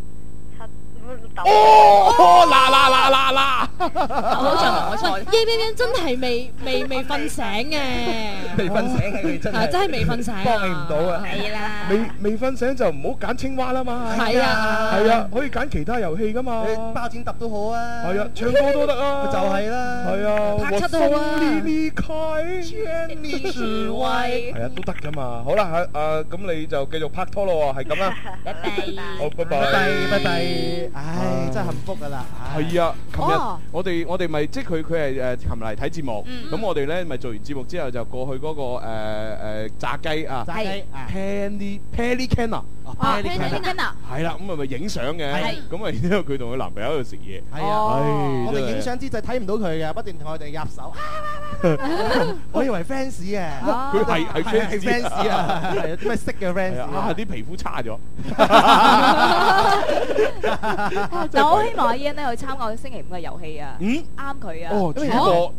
哦，啦啦啦啦啦！我真係我真，咩咩咩，真係未未未瞓醒嘅，未瞓醒，係真係，係真係未瞓醒，幫你唔到啊！係啦，未未瞓醒就唔好揀青蛙啦嘛，係啊，係啊，可以揀其他遊戲噶嘛，你包剪揼都好啊，係啊，唱歌都得啊，就係啦，係啊，拍七都好啊，Jenny 徐偉，係啊，都得噶嘛。好啦，吓，阿咁你就繼續拍拖咯喎，係咁啦，好，拜拜，拜拜，拜拜。唉，真係幸福噶啦！係啊，琴日我哋我哋咪即係佢佢係誒，琴日嚟睇節目，咁我哋咧咪做完節目之後就過去嗰個誒誒炸雞啊，炸雞，Panny Panny Canna，係啦，咁咪咪影相嘅，咁啊然之後佢同佢男朋友喺度食嘢，係啊，我哋影相之際睇唔到佢嘅，不斷同我哋入手，我以為 fans 啊，佢係係 fans 係 fans 啊，係有啲咩色嘅 fans 啊，啲皮膚差咗。嗱，我希望阿 Ian 咧去參加星期五嘅遊戲啊，啱佢啊，哦呢個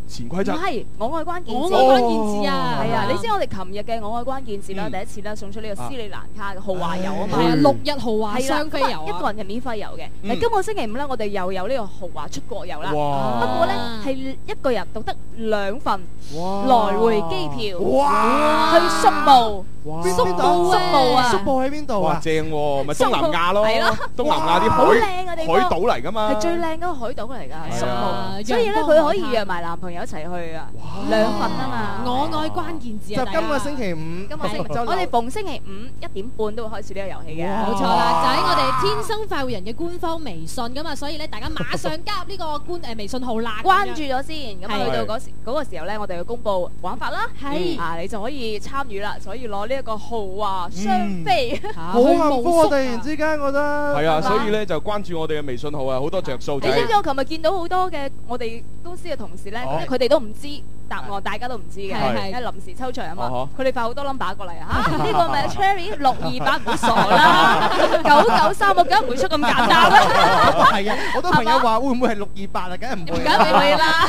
潛規則，唔係我愛關鍵字啊，係啊，你知我哋琴日嘅我愛關鍵字啦，第一次咧送出呢個斯里蘭卡嘅豪華遊啊嘛，係啊，六日豪華雙飛遊，一個人入免費遊嘅，嗱，今個星期五咧我哋又有呢個豪華出國遊啦，不過咧係一個人獨得兩份來回機票，哇，去緬甸。哇！蘇慕啊，蘇慕喺邊度啊？正喎，咪東南亞咯，係咯，東南亞啲好靚嘅海島嚟噶嘛，係最靚嗰個海島嚟噶。蘇慕，所以咧佢可以約埋男朋友一齊去啊，兩份啊嘛。我愛關鍵字啊！就今個星期五，今個星期我哋逢星期五一點半都會開始呢個遊戲嘅，冇錯啦。就喺我哋天生快活人嘅官方微信噶嘛，所以咧大家馬上加入呢個官誒微信號啦，關注咗先。咁啊去到嗰時嗰個時候咧，我哋會公布玩法啦，係啊，你就可以參與啦。所以攞呢。呢一個豪華雙飛，好、嗯、幸福啊！突然之間，我覺得係啊，所以咧就關注我哋嘅微信號啊，好多着數，就是。你知唔知我琴日見到好多嘅我哋公司嘅同事咧，佢哋都唔知。答案大家都唔知嘅，係臨時抽獎啊嘛，佢哋發好多 number 過嚟啊，呢、啊啊這個咪 Cherry 六二八唔好傻啦，九九三我梗唔會出咁簡單啦。係 啊，好多朋友話會唔會係六二八啊，梗係唔會。唔會啦，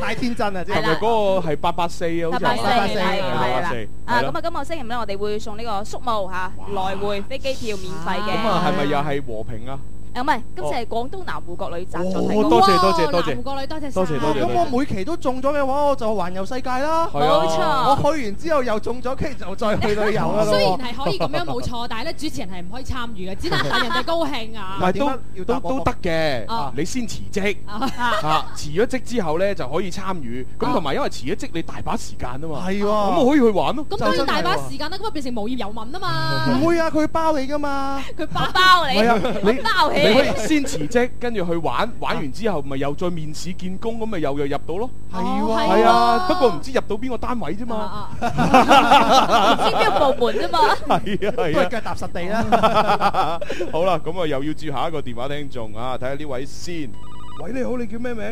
太天真啦，即係。原來嗰個係八八四啊，好似。八八四係，係啦。啊，咁啊，今個星期咧，我哋會送呢個宿務吓來回飛機票免費嘅。咁啊，係咪又係和平啊？唔係，今次係廣東南湖國旅贊助。多謝多謝多謝南湖國旅，多謝。咁我每期都中咗嘅話，我就環遊世界啦。冇、啊、錯，我去完之後又中咗，跟住就再去旅遊啦。 雖然係可以咁樣冇 錯，但係咧主持人係唔可以參與嘅，只能令人哋高興啊。唔 都都得嘅、啊啊，你先辭職啊，啊，啊辭咗職之後咧就可以參與。咁同埋因為辭咗職，你大把時間啊嘛。咁、啊、我可以去玩咯。咁、啊、當然大把時間啦，咁啊變成無業遊民啊嘛。唔會啊，佢包你噶嘛。佢包包你，包你。你可以先辭職，跟住去玩，玩完之後咪又再面試見工，咁咪又又入到咯。係、哦、喎，係啊，啊，啊。不過唔知入到邊個單位啫嘛，唔、啊啊啊、 知邊個部門啫嘛。係啊，不如梗係腳踏實地啦。啊啊、 地 好啦，咁啊又要接下一個電話聽眾啊，睇下呢位先。喂，你好，你叫咩名？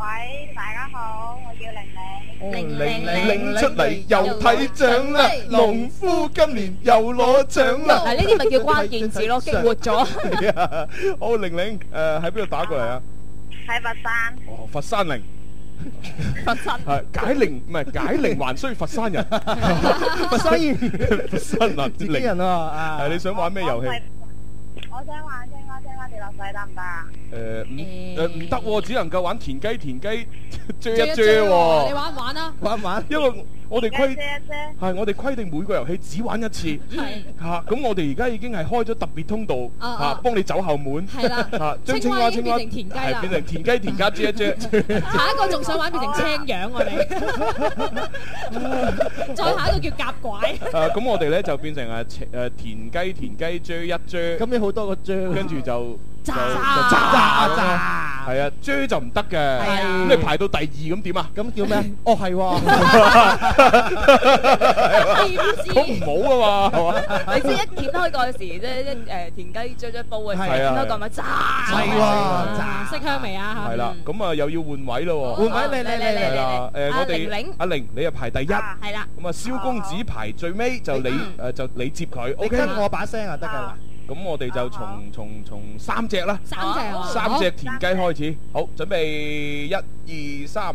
喂，大家好，我叫玲玲，玲玲玲玲，出嚟又睇獎啦，農夫今年又攞獎啦。嗱，呢啲咪叫關鍵字咯，激活咗。好，玲玲，誒，喺邊度打過嚟啊？喺佛山。哦，佛山玲，佛山係解鈴，唔係解鈴還需佛山人。佛山人，佛山人。自己人啊！誒，你想玩咩遊戲？我想玩。得唔得啊？誒， 唔、呃、誒，唔得喎，只能夠玩田雞，田雞遮一啫、哦哦。你玩唔玩啊？玩唔玩，因為。我哋規係，我哋規定每個遊戲只玩一次。嚇，咁、啊、我哋而家已經係開咗特別通道，嚇、啊啊啊、幫你走後門，嚇、啊、將青蛙變成田雞啦，變成田雞變成田雞，田雞、啊、追一追。下一個仲想玩、啊、變成青羊、啊，我哋。 再下一個叫甲拐。誒、啊，咁我哋咧就變成誒、啊、誒田雞田雞追一追。咁樣好多個追，跟住就渣渣渣渣。係 對 啊，追就唔得嘅。咁、啊、你排到第二，咁點啊？咁叫咩？ 哦，係是、啊。 都唔好啊嘛，係嘛？你知一見開嗰時，即係一誒田雞啄啄煲啊，見開嗰咪炸哇！炸色香味啊？係啦，咁啊又要換位咯，換位你你你你係啊？誒我哋阿玲，阿玲你啊排第一，係啦，咁啊蕭公子排最尾，就你誒就你接佢。O K，我把聲啊得噶啦，咁我哋就從從從三隻啦，三隻三隻田雞開始，好準備一二三。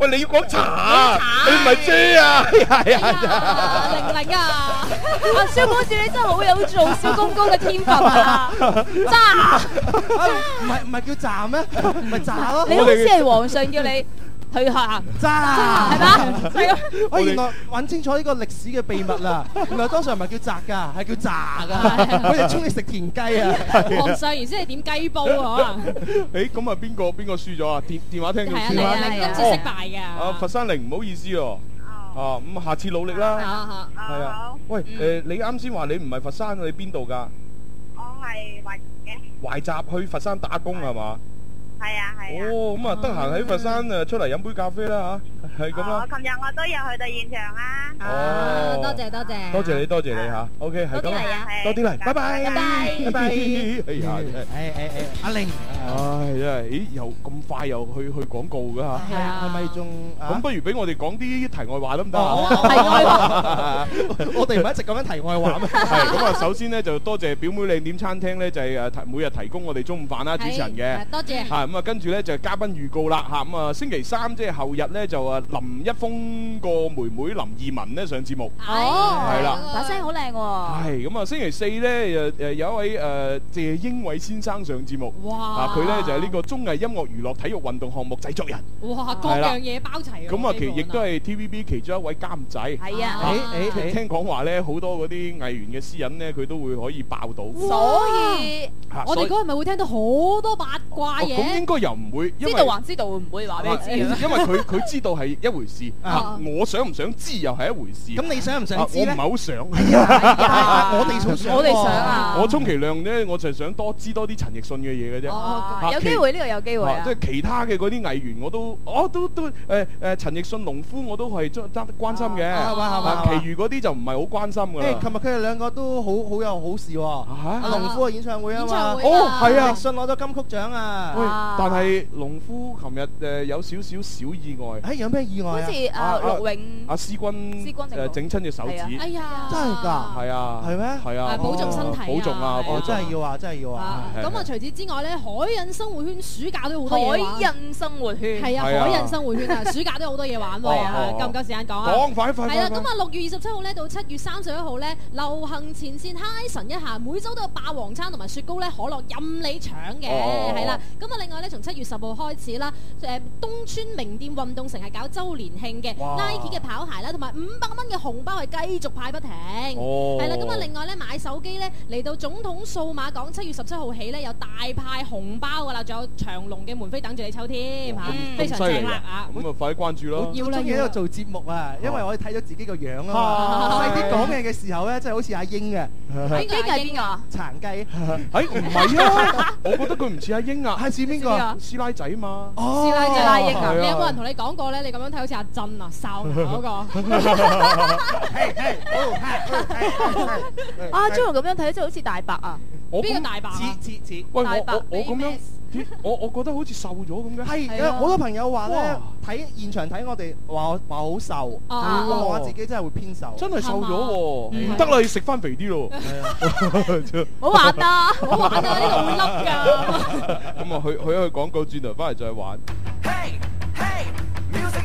喂，你要講茶？你唔係 J 啊？係茶啊，玲玲、 哎、啊，阿肖公子你真係好有做小公公嘅天分啊！喳，唔係唔係叫喳咩？唔係喳咯。 你好似係皇上叫你。退下、啊，扎係嘛？啊、 我原來搵清楚呢個歷史嘅秘密啦，原來當時唔係叫扎噶，係叫炸噶、 啊啊啊。佢哋中意食田雞啊、欸，皇上原先係點雞煲可啊？誒，咁啊，邊個邊個輸咗啊？電電話聽今次失敗嘅。啊，佛山林，唔好意思哦。哦、oh. 啊，咁下次努力啦。係、oh. 啊，啊，啊。喂，誒、嗯呃，你啱先話你唔係佛山，你邊度噶？我係懷集，懷集去佛山打工係嘛？係啊係啊，哦咁啊，得閒喺佛山誒，出嚟飲杯咖啡啦吓，係咁啦。我琴日我都有去到現場啊，哦，多謝多謝，多謝你多謝你吓，OK 係咁啊，多啲嚟，拜拜，拜拜，拜拜，哎呀，哎哎哎，阿玲，哎真係，咦又咁快又去去廣告噶吓，係啊，係咪仲咁不如俾我哋講啲題外話得唔得啊？我題外話，我哋唔係一直咁樣題外話咩？係咁啊，首先咧就多謝表妹靚點餐廳咧，就係誒每日提供我哋中午飯啦，主持人嘅，多謝吓。咁啊，跟住咧就係嘉賓預告啦嚇。咁啊，星期三即係後日咧，就啊林一峰個妹妹林二汶咧上節目，係啦，把聲好靚。係咁啊，星期四咧，誒有一位誒謝英偉先生上節目。哇！佢咧就係呢個綜藝、音樂、娛樂、體育運動項目製作人。哇！各樣嘢包齊。咁啊，其實亦都係 TVB 其中一位監製。係啊。誒誒，聽講話咧，好多嗰啲藝員嘅私隱咧，佢都會可以爆到。所以，我哋嗰日咪會聽到好多八卦嘢。應該又唔會，因為知還知道，還知道不會唔會話俾你知啦。因為佢佢知道係一回事， 啊、我想唔想知又係一回事。咁、啊啊啊啊、你想唔想知？唔係好想。 啊 啊、 我哋想。我哋想啊。我充其量咧，我就係想多知多啲陳奕迅嘅嘢嘅啫。有機會呢、啊呢個有機會即、啊、係、啊就係、其他嘅嗰啲藝員我都，我、哦、都都誒誒、呃呃、陳奕迅農夫我都係真心關心嘅。係嘛係嘛。其餘嗰啲就唔係好關心㗎。誒，琴日佢哋兩個都好好有好事喎、啊。嚇、啊！農、啊、夫嘅演唱會啊嘛，嘛。哦，係啊，信攞咗金曲獎啊。但係農夫琴日誒有少少小，小意外，誒、欸、有咩意外？啊、好似誒盧永阿思、啊啊啊、君，君整親隻手指係、啊，哎呀，真係㗎，係啊，係咩？係啊，啊，保重身體啊，保重啊，係啊保重啊係啊哦，真係要啊，真係要啊。咁啊除、啊啊啊、此之外咧，海印生活圈暑假都好多嘢海印生活圈，係啊，啊，啊，啊，海印生活圈啊， 暑假都好多嘢玩喎。夠、啊、唔、啊啊、夠時間講啊？講快快，係啊！今日六月二十七號咧到七月三十一號咧，流行前線嗨神一下，每週都有霸王餐同埋雪糕咧，可樂任你搶嘅，係啦。咁啊，另、啊、外。啊咧從七月十號開始啦，誒東村名店運動城係搞周年慶嘅 Nike 嘅跑鞋啦，同埋五百蚊嘅紅包係繼續派不停。哦，係啦，咁啊，另外咧買手機咧嚟到總統數碼港，七月十七號起咧有大派紅包噶啦，仲有長隆嘅門飛等住你抽添、嗯，非常正啊！咁啊，就快啲關注咯。要啦，喺度做節目啊，因為我睇咗自己個樣啊嘛。細啲講嘢嘅時候咧，真係好似阿英嘅。阿英係邊個？殘雞。哎，唔係啊，我覺得佢唔似阿英啊，啊 師奶仔嘛，師奶仔。奶英啊！你有冇人同你講過咧？你咁樣睇好似阿震啊，哨牙嗰、那個。阿張龍咁樣睇真好似大白啊！邊個我 大白、啊？大白。 我我我我我我覺得好似瘦咗咁嘅，好多朋友話咧，睇現場睇我哋話我話好瘦，啊、話自己真係會偏瘦，真係瘦咗喎、啊，唔得啦，要食翻肥啲咯，唔 好 玩啦，唔好玩啦，呢、呢個會笠㗎，咁、嗯、啊去去去廣告轉頭翻嚟再玩。Hey, hey, music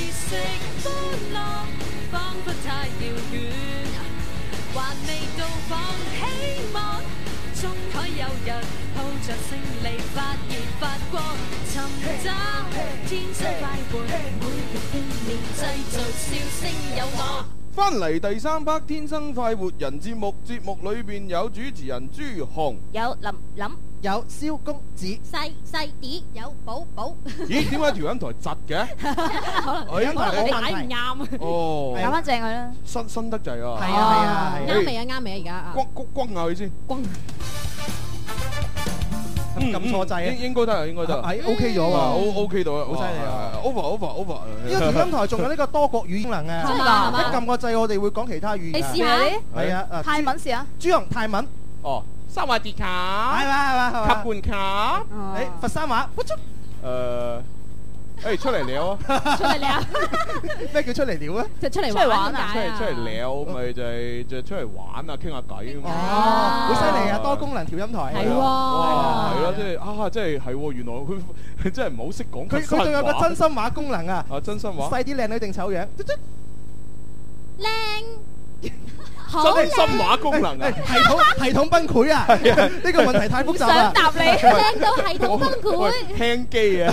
絕食歡樂仿佛太遙遠，還未到訪希望，終可有人抱着勝利發熱發光。尋找天生快活，每日拼命製造笑聲有我。翻嚟第三 part《天生快活人》節目，節目裏面有主持人朱紅，有林林，有蕭公子細細啲，D, 有寶寶。咦？點解條音台窒嘅？可 能、 欸、你睇唔啱。哦，咁啊、欸哦、正佢啦。新新得滯啊！係啊係啊，啱未啊啱未啊而家。光光啱，意啱、啊，撳錯掣啊！應應該得啊，應該得。係 OK 咗啊，O OK 到啊，好犀利啊！Over，Over，Over。呢個調音台仲有呢個多國語言功能嘅，真係啊！一撳個掣，我哋會講其他語言。你試下咧？係啊，泰文試下。豬紅泰文。哦，薩瓦迪卡。係係係係。卡門卡。誒，佛山話，我做。誒。誒，出嚟撩啊！出嚟撩，咩叫出嚟撩咧？就出嚟玩，出嚟出嚟撩，咪就係就出嚟玩啊，傾下偈啊嘛！哦，好犀利啊，多功能調音台係喎，係啊，即係啊，即係係，原來佢真係唔好識講佢佢，仲有個真心話功能啊！啊，真心話，細啲靚女定醜樣？靚。好心話功能啊！系統系統崩潰啊！呢個問題太複雜啦！唔想答你，聽到系統崩潰，聽機啊！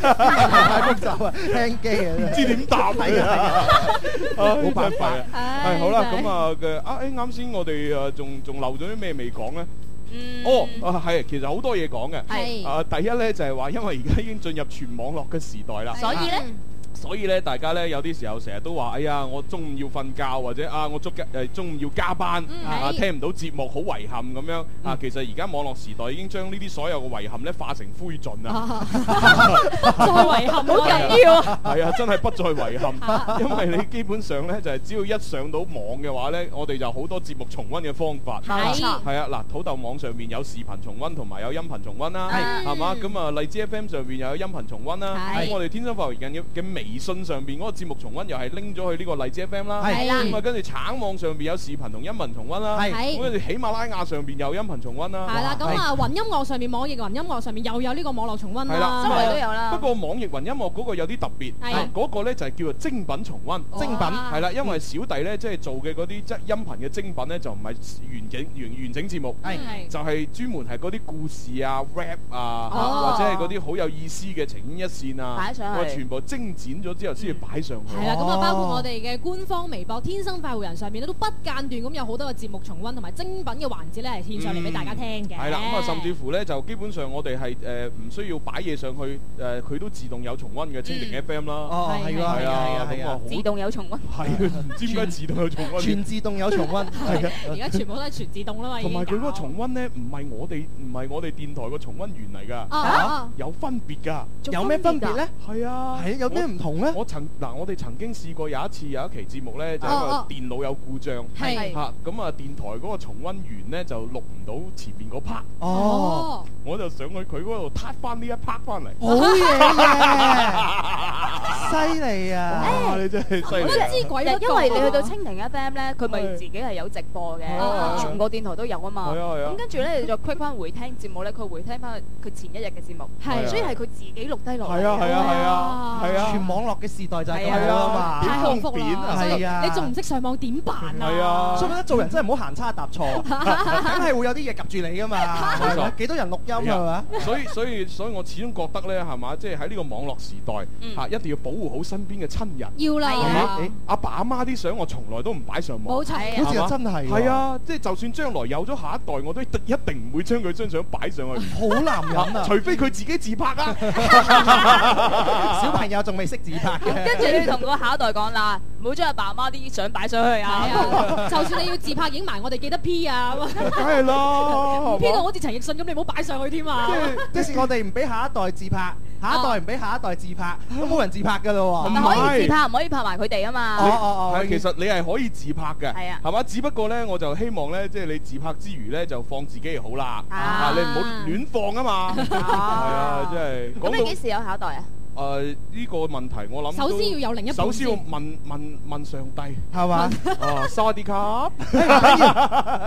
太複雜啊！聽機啊！唔知點答你啊！冇辦法啊！係好啦，咁啊嘅啊誒，啱先我哋啊仲仲漏咗啲咩未講咧？嗯。哦，啊係，其實好多嘢講嘅。係。啊，第一咧就係話，因為而家已經進入全網絡嘅時代啦。所以咧。所以咧，大家咧有啲時候成日都話：哎呀，我中午要瞓覺或者啊，我中午要加班，嗯、啊聽唔到節目好遺憾咁樣。嗯。啊，其實而家網絡時代已經將呢啲所有嘅遺憾咧化成灰燼啦。不再遺憾好緊要係啊，真 係 不再遺憾，因為你基本上咧就係、是，只要一上到網嘅話咧，我哋就好多節目重温嘅方法。係、嗯、啊，嗱，土豆網上面有視頻重温同埋有音頻重温啦，係、嗯、嘛？咁啊，荔枝 FM 上邊又有音頻重温啦。咁、嗯、我哋天生發娛樂要嘅微微信上邊嗰個節目重溫又係拎咗去呢個荔枝 FM 啦，咁啊跟住橙網上邊有視頻同音，音頻重溫啦，咁跟住喜馬拉雅上邊又音頻重溫啦，係啦，咁啊雲音樂上面，網易雲音樂上面又有呢個網絡重溫啦，周圍都有啦。不過網易雲音樂嗰個有啲特別，嗰、那個咧就係、是、叫做精品重溫，精品係啦，因為小弟咧即係做嘅嗰啲即係音頻嘅精品咧就唔係完整完完，完整節目，係就係、是、專門係嗰啲故事啊 rap 啊，啊，啊，啊，或者係嗰啲好有意思嘅情牽一線啊，我全部精剪。啊啊啊啊啊啊啊咗之後先至擺上去。係、嗯、啦，咁啊包括我哋嘅官方微博《天生快活人》上面咧，都不間斷咁有好多嘅節目重溫同埋精品嘅環節咧，係獻上嚟俾大家聽嘅。係、嗯、啦，咁啊甚至乎咧就基本上我哋係誒唔需要擺嘢上去誒，佢、呃、都自動有重溫嘅蜻蜓 FM 啦。哦、嗯，係啊，係啊，係啊，自動有重溫。係啊，唔知點解自動有重溫。全自動有重溫。係啊，而家全部都係全自動啦嘛。同埋佢嗰個重溫咧，唔係我哋唔係我哋電台個重溫員嚟㗎、啊啊啊啊啊啊啊啊。有分別㗎。有咩分別咧？係啊。係有咩唔同？嗯、我曾嗱，我哋曾經試過有一次有一期節目咧，就係、電腦有故障，係咁啊電台嗰個重溫員咧就錄唔到前面嗰 part。哦，我就上去佢嗰度撻翻呢一 part 翻嚟。好嘢，犀利啊！ 欸！你真係一、啊、知鬼，因為你去到蜻蜓 FM 咧，佢咪自己係有直播嘅、啊啊，全個電台都有啊嘛。啊啊。咁跟住咧，你就 quick 翻回聽節目咧，佢回聽翻佢前一日嘅節目，係、啊啊，所以係佢自己錄低落嚟。係啊係啊係啊，啊，啊，啊，啊，啊，啊，啊。全網網絡嘅時代就係咁啊嘛，太恐怖啦！你仲唔識上網點辦啊，啊？所以覺得、啊、做人真係唔好行差踏錯、啊，梗 係會有啲嘢夾住你噶嘛。幾、 啊、多人錄音係嘛、啊啊啊啊？所以所以所以我始終覺得咧係嘛，即係喺呢個網絡時代嚇、嗯啊，一定要保護好身邊嘅親人。要啦，阿、啊欸啊、爸阿媽啲相我從來都唔擺上網，冇錯，好似真係。係啊，即係、啊啊啊啊、就算將來有咗下一代，我都一定唔會將佢張相擺上去。好男人啊！啊啊除非佢自己自拍啊！ 小朋友仲未識。拍的接你跟住你同個下一代講啦，唔好將阿爸媽啲相擺上去啊！啊 就算你要自拍影埋，拍我哋記得 P 啊！梗係咯，P 到好似陳奕迅咁，你唔好擺上去添啊！即、就、係、是就是、我哋唔俾下一代自拍，下一代唔俾下一代自拍，哦、都冇人自拍㗎咯喎！唔可以自拍，唔可以拍埋佢哋啊嘛！哦、啊啊 okay. 其實你係可以自拍嘅，係啊，係嘛？只不過咧，我就希望咧，即係你自拍之餘咧，就放自己好啦、啊啊，你唔好亂放啊嘛！係啊，即係咁你幾時有下一代啊？誒、呃、呢、這個問題我諗首先要有另一半先。首先要問問問上帝係嘛？哦，c 迪 p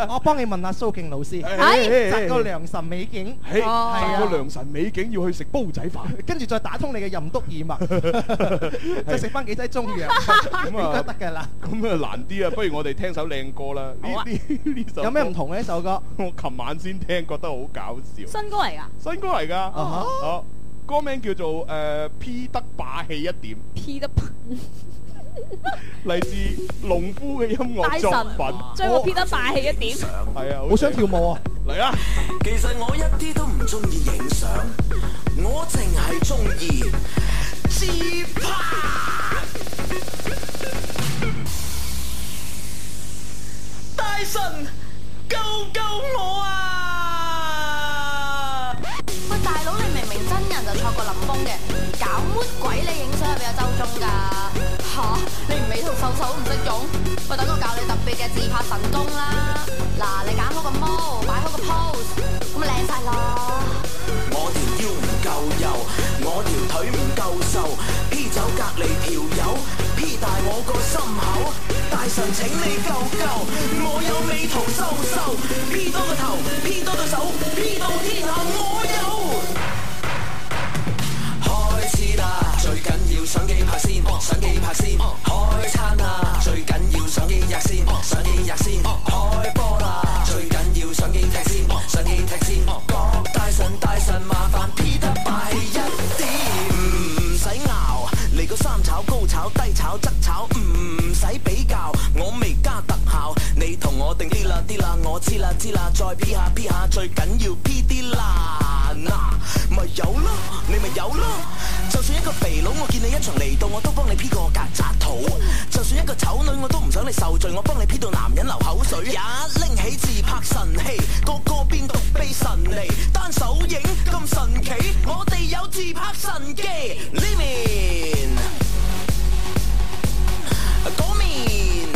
我幫你問下蘇敬老師。係。得個良辰美景。哦。係啊，個良辰美景要去食煲仔飯，跟住、啊、再打通你嘅任督二脈，再食翻幾劑中藥，咁 那啊得嘅啦。咁 啊難啲啊，不如我哋聽首靚歌啦。好啊。呢呢首有咩唔同咧？呢首歌。首歌 我琴晚先聽，覺得好搞笑。新歌嚟噶。新歌嚟噶。哦、uh -huh.。歌名叫做誒 P 得霸氣一點，P 得嚟自農夫嘅音樂作品，我 P 得霸氣一點，係啊，我想跳舞啊，嚟啊！其實我一啲都唔中意影相，我淨係中意自拍。大神救救我啊！人就錯過林峰嘅，搞乜鬼你影相係比較周中噶？吓，你唔美圖秀秀都唔識用？喂，等我教你特別嘅自拍神功啦。嗱，你揀好個模，擺好個 pose，咁咪靚晒咯。我條腰唔夠幼，我條腿唔夠瘦，P 走隔離條友，P 大我個心口。大神請你救救我，有美圖秀秀，P 多個頭，P 多對手，P 到天下我有。最緊要上機拍先，上機拍先開餐啦！最緊要上機拍先，上機拍先，先開波啦！最緊要上機踢先，上機踢先。各大神大神麻煩 P 得快一啲，唔使熬。嚟個三炒高炒低炒側炒，唔唔使比較，我未加特效，你同我定啲啦啲啦，我知啦知啦，再 P 下 P 下，最緊要 P 啲爛啊！有囉，你咪有囉。就算一個肥佬，我見你一場嚟到，我都幫你 P 個曱甴肚。 就算一個醜女，我都唔想你受罪，我幫你 P 到男人流口水呀！拎 起自拍神器，各個個變獨臂神尼。單手影咁神奇，我哋有自拍神機，呢面，嗰面。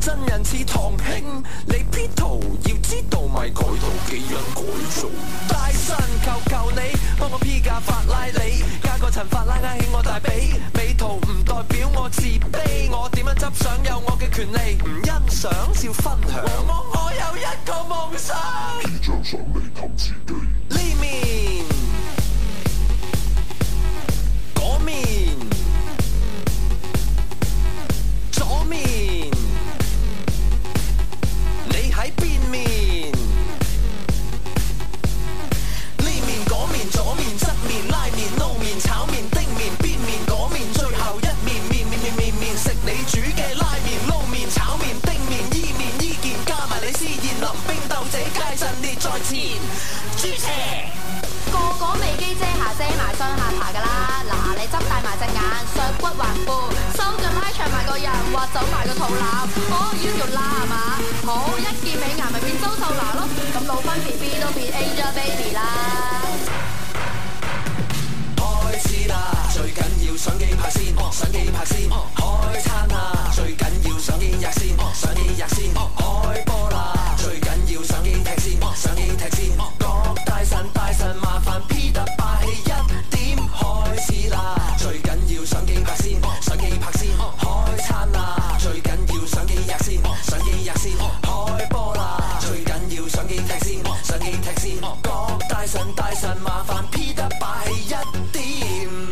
真人似唐兄，你 P 圖要知道咪改圖幾樣改造。大神求求你幫我 P 架法拉利，加個陳法拉壓起我大髀。美圖唔代表我自卑，我點樣執相有我嘅權利，唔、嗯、欣賞照分享我我。我有一個夢想。帖帖豬紅，個個美肌遮,瑕遮,瑕遮雙下遮埋雙下巴噶啦，嗱你執大埋隻眼，削骨還膚，收緊拉長埋個人，挖走埋個肚腩、哦，好 U 型啦，係嘛？好一件美顏咪變周秀娜咯，咁、嗯、老翻 B B 都變 Angelababy 啦。開始啦，最緊要相機拍先，相、oh, 機拍先。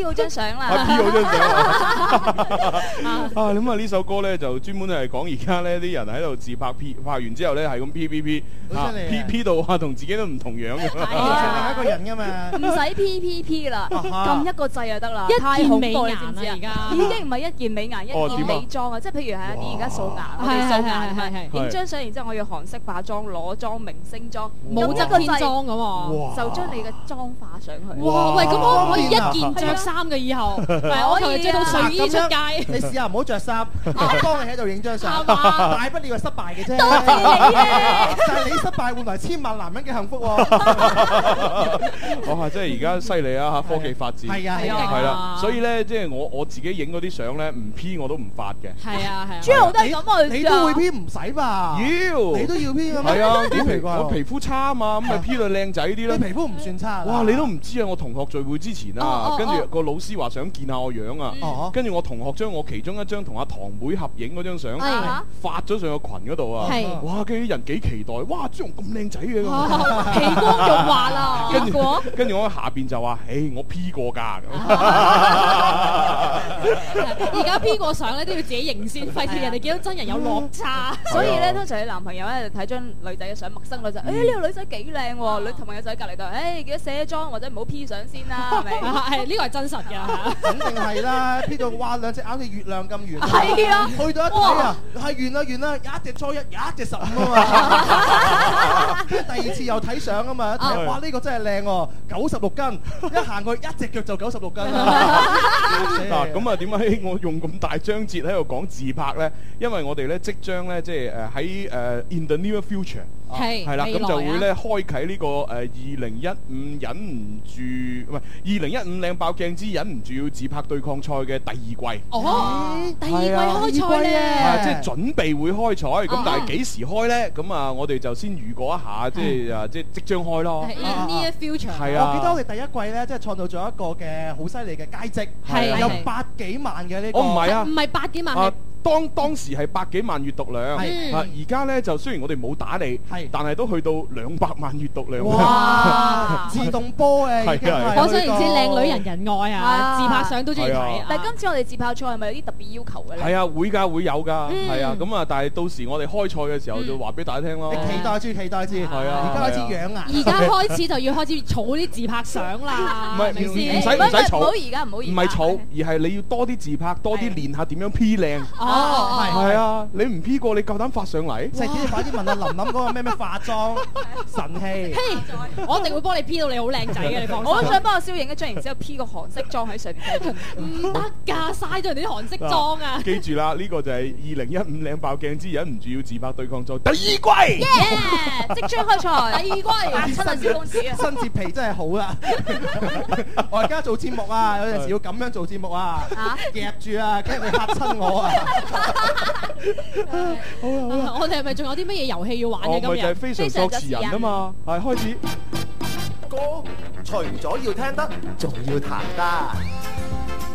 P 好張相啦！啊，P 好張相 啊！咁啊，呢首歌咧就專門係講而家咧啲人喺度自拍 P，拍完之後咧係咁 P P P P P 到啊同自己都唔同樣嘅啦，唔使 P P P 啦，撳、啊 啊、一個掣就得啦，一件美顏你已經唔係一件美顏，一件美妝啊，啊、哦、啊！即係譬如係而家素顏，我哋素顏影張相，然之後我要韓式化妝、裸妝、明星妝、武則天妝，咁就將你嘅妝化上去。哇！喂，咁我可以一件著衫嘅以後，唔係我可以着套睡衣出街。你試下唔好着衫，我幫你喺度影張相。大不了係失敗嘅啫，但係你失敗換來千萬男人嘅幸福。我係即係而家犀利啊！吓，科技發展係啊係啊，係啦。所以咧，即係我我自己影嗰啲相咧，唔 P 我都唔發嘅。係啊係啊，主要都係咁。我你都會 P 唔使吧？妖，你都要 P 啊？係啊，好奇怪，我皮膚差啊嘛，咁咪 P 到靚仔啲咧。皮膚唔算差。哇，你都唔知啊！我同學聚會之前啊，跟住。個老師話想見下我樣啊，跟、嗯、住我同學將我其中一張同阿堂妹合影嗰張相發咗上個群嗰度啊，哇！跟住啲人幾期待，哇！豬紅咁靚仔嘅，皮光肉滑啦，結果跟住我喺下邊就話，誒，我 P 過㗎，而家、啊、 P 過相咧都要自己認先，費事、啊、人哋見到真人有落差，啊、所以咧通常你男朋友咧睇張女仔嘅相，陌生女仔：嗯「誒、哎、呢、呢個女仔幾靚喎，女朋友仔隔離度，誒、哎、記得卸妝或者唔好 P 相先啦、啊，呢個係真。實嘅，肯定係啦。P 到哇，兩隻眼好似月亮咁圓。係啊，去到一睇啊，係圓啦圓啦，有一隻初一，有一隻十五啊嘛。第二次又睇相啊嘛，哇呢個真係靚喎，九十六斤，一行過去一隻腳就九十六斤啦。嗱，咁啊點解我用咁大章節喺度講自拍咧？因為我哋咧即將咧即係誒喺誒 In the near future。係，係啦，咁就會咧開啓呢個誒二零一五忍唔住，唔係二零一五靚爆鏡之忍唔住要自拍對抗賽嘅第二季。哦，第二季開賽咧，即係準備會開賽，咁但係幾時開咧？咁啊，我哋就先預告一下，即係啊，即係即將開咯。In near future，係啊，我記得我哋第一季咧，即係創造咗一個嘅好犀利嘅佳績，係有百幾萬嘅呢個，唔係啊，唔係百幾萬。當當時係百幾萬閱讀量，啊！而家咧就雖然我哋冇打你，但係都去到兩百萬閱讀量。哇！ 自動波嘅、啊， 可想而知靚女人人愛啊！啊自拍相都中意睇。但係今次我哋自拍賽係咪有啲特別要求嘅咧？係啊，會㗎，會有㗎。係、嗯、啊，咁啊，但係到時我哋開賽嘅時候就話俾大家聽咯、嗯你期待。期待先，期待先，係啊！而家開始養啊！而家開始就要開始儲啲自拍相啦。唔使唔使儲，而家唔好而唔係儲，而係你要多啲自拍，多啲練下點樣 P 靚。哦，係係啊！你唔 P 過，你夠膽發上嚟？快啲問下琳琳嗰個咩咩化妝神器，我一定會幫你 P 到你好靚仔嘅。你放心，我都想幫我肖影一張然之後 P 個韓式妝喺上邊，唔得噶，嘥咗人啲韓式妝啊！記住啦，呢個就係二零一五靚爆鏡之忍唔住要自爆對抗賽第二季，即將開賽。第二季阿陳小公子新接皮真係好啦。我而家做節目啊，有陣時要咁樣做節目啊，夾住啊，驚佢嚇親我啊！ 好啦、啊啊啊、 我哋係咪仲有啲乜嘢遊戲要玩嘅咁樣？ 啊、是就係非常作詞人啊嘛，係開始歌，除咗要聽得，仲要彈得；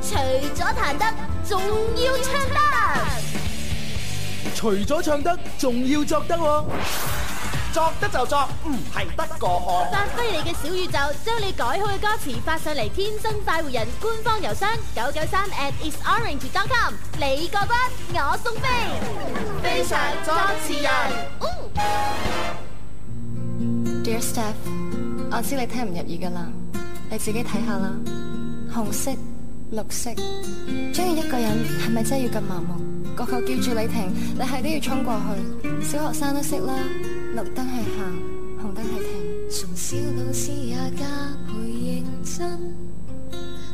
除咗彈得，仲要唱得；除咗唱得，仲要作得。作得就作，唔係得過我。發揮你嘅小宇宙，將你改好嘅歌詞發上嚟，天生快活人官方郵箱九九三 at isorange.com。@isorange .com，你過分，我送飛。非常作詞人。Dear staff，我知你聽唔入耳噶啦，你自己睇下啦。紅色、綠色，中意一個人係咪真係要咁盲目？個球叫住你停，你係都要衝過去。小學生都識啦。綠燈係行，紅燈係停。從小老師也加倍認真，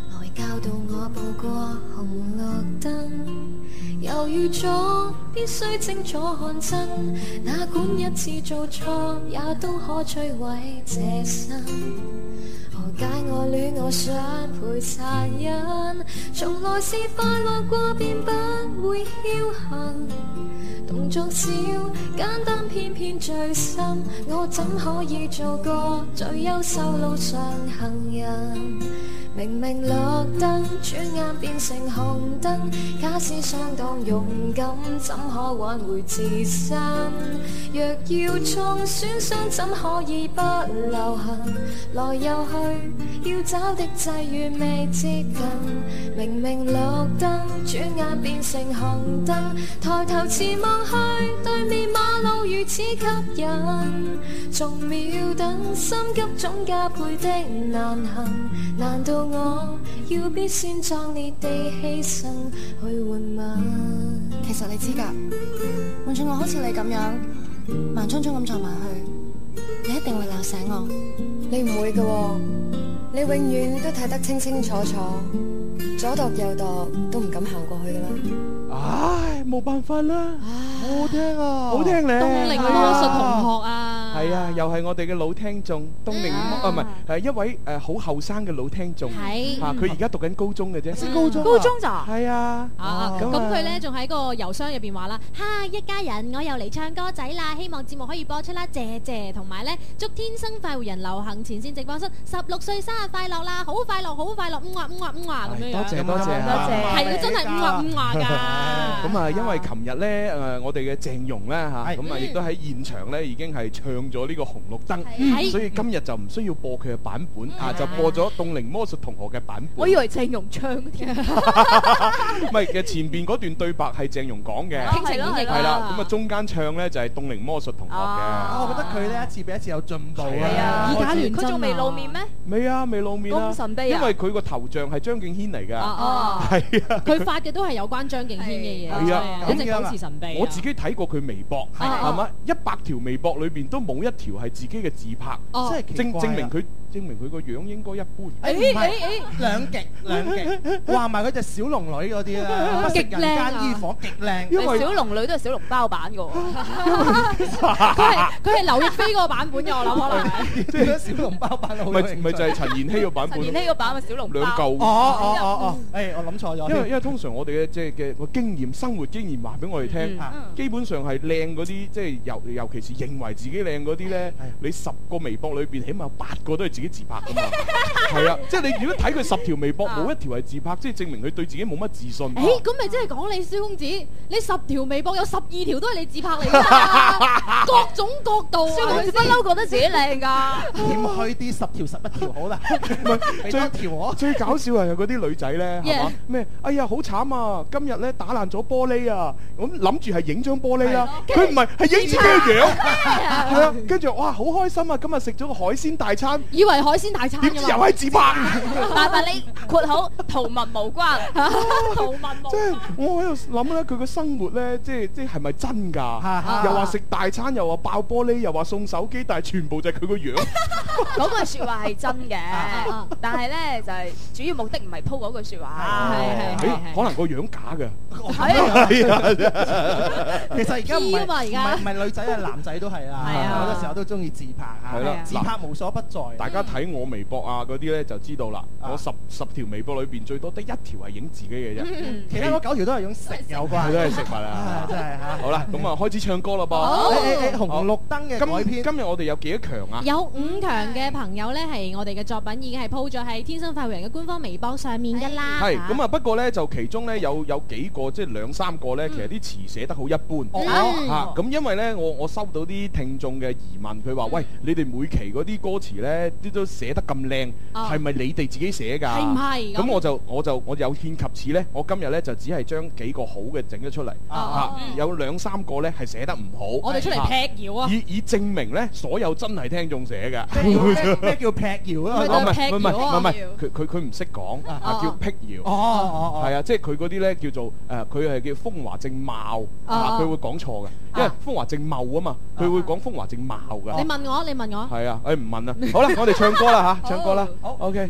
來教導我步過紅綠燈。猶豫咗，必須清楚看真。哪管一次做錯，也都可摧毀這身。何解我戀愛雙倍殘忍？從來是快樂過，便不會僥幸。總少簡單，偏偏最深。我怎可以做個最優秀路上行人？明明綠燈，轉眼變成紅燈。假使相當勇敢，怎可挽回自身？若要衝，損傷怎可以不留痕？來又去，要找的際遇未接近。明明綠燈，轉眼變成紅燈。抬頭前望去，對面馬路如此吸引。逐秒等，心急總加倍的難行。難道？我要必先地犧牲去換馬其實你知噶，換住我好似你咁樣，盲舂舂咁坐埋去，你一定會鬧醒我。你唔會噶、哦，你永遠都睇得清清楚楚，左度右度都唔敢行過去噶啦。唉，冇辦法啦，好聽啊，好聽咧，東寧魔術同學啊，係啊，又係我哋嘅老聽眾，東寧啊唔係，係一位誒好後生嘅老聽眾，係啊，佢而家讀緊高中嘅啫，高中，高中咋，係啊，啊，咁佢咧仲喺個郵箱入邊話啦，哈，一家人，我又嚟唱歌仔啦，希望節目可以播出啦，謝謝，同埋咧祝天生快活人流行前線直播室十六歲生日快樂啦，好快樂，好快樂，唔話唔話唔話咁樣樣，多謝多謝多謝，係佢真係唔話唔話噶。咁啊，因為琴日咧，誒，我哋嘅鄭融咧吓，咁啊，亦都喺現場咧已經係唱咗呢個紅綠燈，所以今日就唔需要播佢嘅版本，啊，就播咗《凍齡魔術同學》嘅版本。我以為鄭融唱添啊，唔係嘅，前邊嗰段對白係鄭融講嘅，傾情演繹係啦，咁啊中間唱咧就係《凍齡魔術同學》嘅。啊，我覺得佢咧一次比一次有進步啦。係啊，以假亂真，佢仲未露面咩？未啊，未露面啦，因為佢個頭像係張敬軒嚟嘅，哦，係啊，佢發嘅都係有關張敬軒。係啊，咁樣啦。我自己睇過佢微博，係嘛，一百條微博裏邊都冇一條係自己嘅自拍，即係證證明佢證明佢個樣應該一般。誒誒誒，兩極兩極，話埋佢隻小龍女嗰啲啦，極靚間衣房，極靚，因為小龍女都係小龍包版嘅喎。佢係佢係劉亦菲嗰個版本嘅，我諗可能。即係小龍包版，咪咪就係陳妍希嘅版本咯。陳妍希嘅版咪小龍包。兩嚿。哦哦哦哦。誒，我諗錯咗。因為因為通常我哋嘅即係嘅經。經驗生活經驗話俾我哋聽、嗯，基本上係靚嗰啲，即係尤尤其是認為自己靚嗰啲咧，你十個微博裏邊，起碼有八個都係自己自拍噶嘛，係 啊，即係你如果睇佢十條微博，冇一條係自拍，即係證明佢對自己冇乜自信。咦、欸，咁咪即係講你肖公子，你十條微博有十二條都係你自拍嚟㗎、啊， 各種角度、啊，不嬲覺得自己靚㗎、啊。點 去啲十條十一條好啦，唔 最，最搞笑係嗰啲女仔咧，係嘛？咩？哎呀，好慘啊！今日咧打打爛咗玻璃啊！咁諗住係影張玻璃啦，佢唔係係影自己嘅樣，係啊，跟住 哇，好開心啊！今日食咗個海鮮大餐，以為海鮮大餐，點知又係自拍？但 係你括號，圖文無關，圖、啊、 文無關、啊就係我想他的。即係我喺度諗咧，佢嘅生活咧，即係即係係咪真噶？又話食大餐，又話爆玻璃，又話送手機，但係全部就係佢 個樣。嗰句說話係真嘅， 但係咧就係、係、主要目的唔係鋪嗰句說話。係、 欸，可能個樣假嘅。係啊！其實而家唔係唔係女仔，係男仔都係啦。好多時候都中意自拍吓，自拍無所不在。大家睇我微博啊嗰啲咧，就知道啦。我十十條微博裏邊最多得一條係影自己嘅啫。其他九條都係影食有關，都係食物啦。真係吓！好啦，咁啊開始唱歌啦噃。紅綠燈嘅改編。今日我哋有幾強啊？有五強嘅朋友咧，係我哋嘅作品已經係鋪咗喺天生快活人嘅官方微博上面㗎啦。係咁啊！不過咧，就其中咧有有幾個。即係兩三個呢，其實啲詞寫得好一般嚇。咁、嗯啊、因為呢，我我收到啲聽眾嘅疑問，佢話：喂，你哋每期嗰啲歌詞呢，啲都寫得咁靚，係、啊、咪你哋自己寫㗎？咁我就我就我有見及此呢。我今日呢，就只係將幾個好嘅整咗出嚟、啊啊、有兩三個呢，係寫得唔好。我哋出嚟闢謠啊！以以證明呢所有真係聽眾寫嘅。咩叫闢謠啊？唔係唔係佢佢唔識講叫闢謠。哦係啊，即係佢嗰啲呢，叫、啊、做。啊啊啊啊啊啊誒、呃，佢係叫風華正茂，啊。佢、啊、會講錯嘅、啊，因為風華正茂啊嘛，佢會講風華正茂噶、啊啊啊。你問我，你問我。係啊，誒、欸，唔問啦。 好啦，我哋唱歌啦吓，啊、 唱歌啦。好、oh. OK。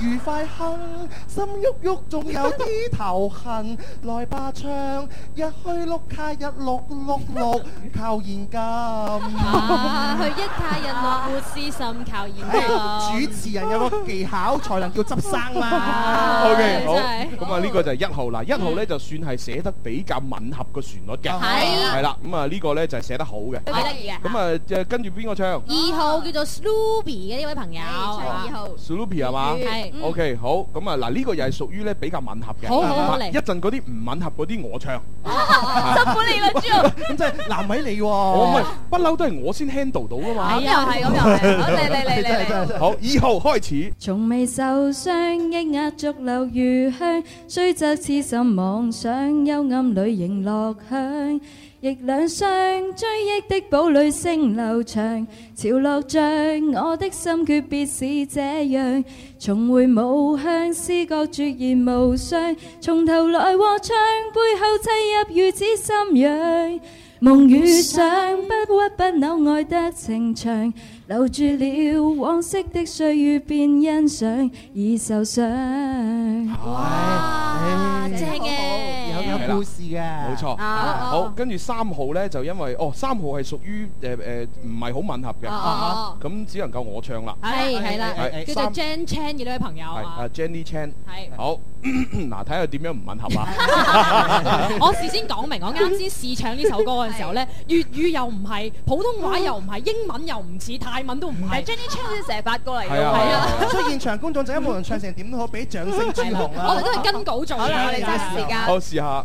愉快哼，心鬱鬱，仲有啲頭痕。來 霸唱，一去碌卡，一碌碌碌，靠現金。啊、去一卡日落，活、啊，思心，靠現金？主持人有個技巧， 才能叫執生嘛。OK，好。咁啊，呢個就係一號啦。一號咧，就算係寫得比較吻合個旋律嘅，係、嗯、啦。咁啊，呢、啊啊、個咧就係寫得好嘅。得咁啊，就跟住邊個唱？二、啊、號叫做 Sloopy 嘅呢位朋友。二、啊、號。Oh. Sloopy 係嘛？O K 好，咁啊，嗱呢個又係屬於咧，比較吻合嘅，一陣嗰啲唔吻合嗰啲我唱，辛苦你啦，豬紅，咁真係難為你喎，我唔係不嬲都係我先 handle 到噶嘛。又係咁又，嚟嚟嚟嚟，好，二號開始，從未受傷，抑壓逐流如香，雖則痴心妄想，幽暗裏仍樂響。亦兩相追憶的堡壘聲流長，潮落像我的心訣別是這樣，重回故鄉思覺絕然無雙，從頭來和唱背後砌入如此心癢，夢與想不屈不撓愛得情長，留住了往昔的歲月便欣賞已受傷。故事嘅，冇錯。好，跟住三號咧，就因為哦，三號係屬於誒誒唔係好吻合嘅，咁只能夠我唱啦。係係啦，叫做 Jan Chan 嘅呢位朋友啊，阿 Jenny Chan，係好，嗱睇下點樣唔吻合啊！我事先講明，我啱先試唱呢首歌嘅時候咧，粵語又唔係，普通話又唔係，英文又唔似，泰文都唔係。Jenny Chan 都成日發過嚟，所以現場觀眾仔冇人唱成點都可俾掌聲豬紅。我哋都係跟稿做嘅，你睇時間。我試下。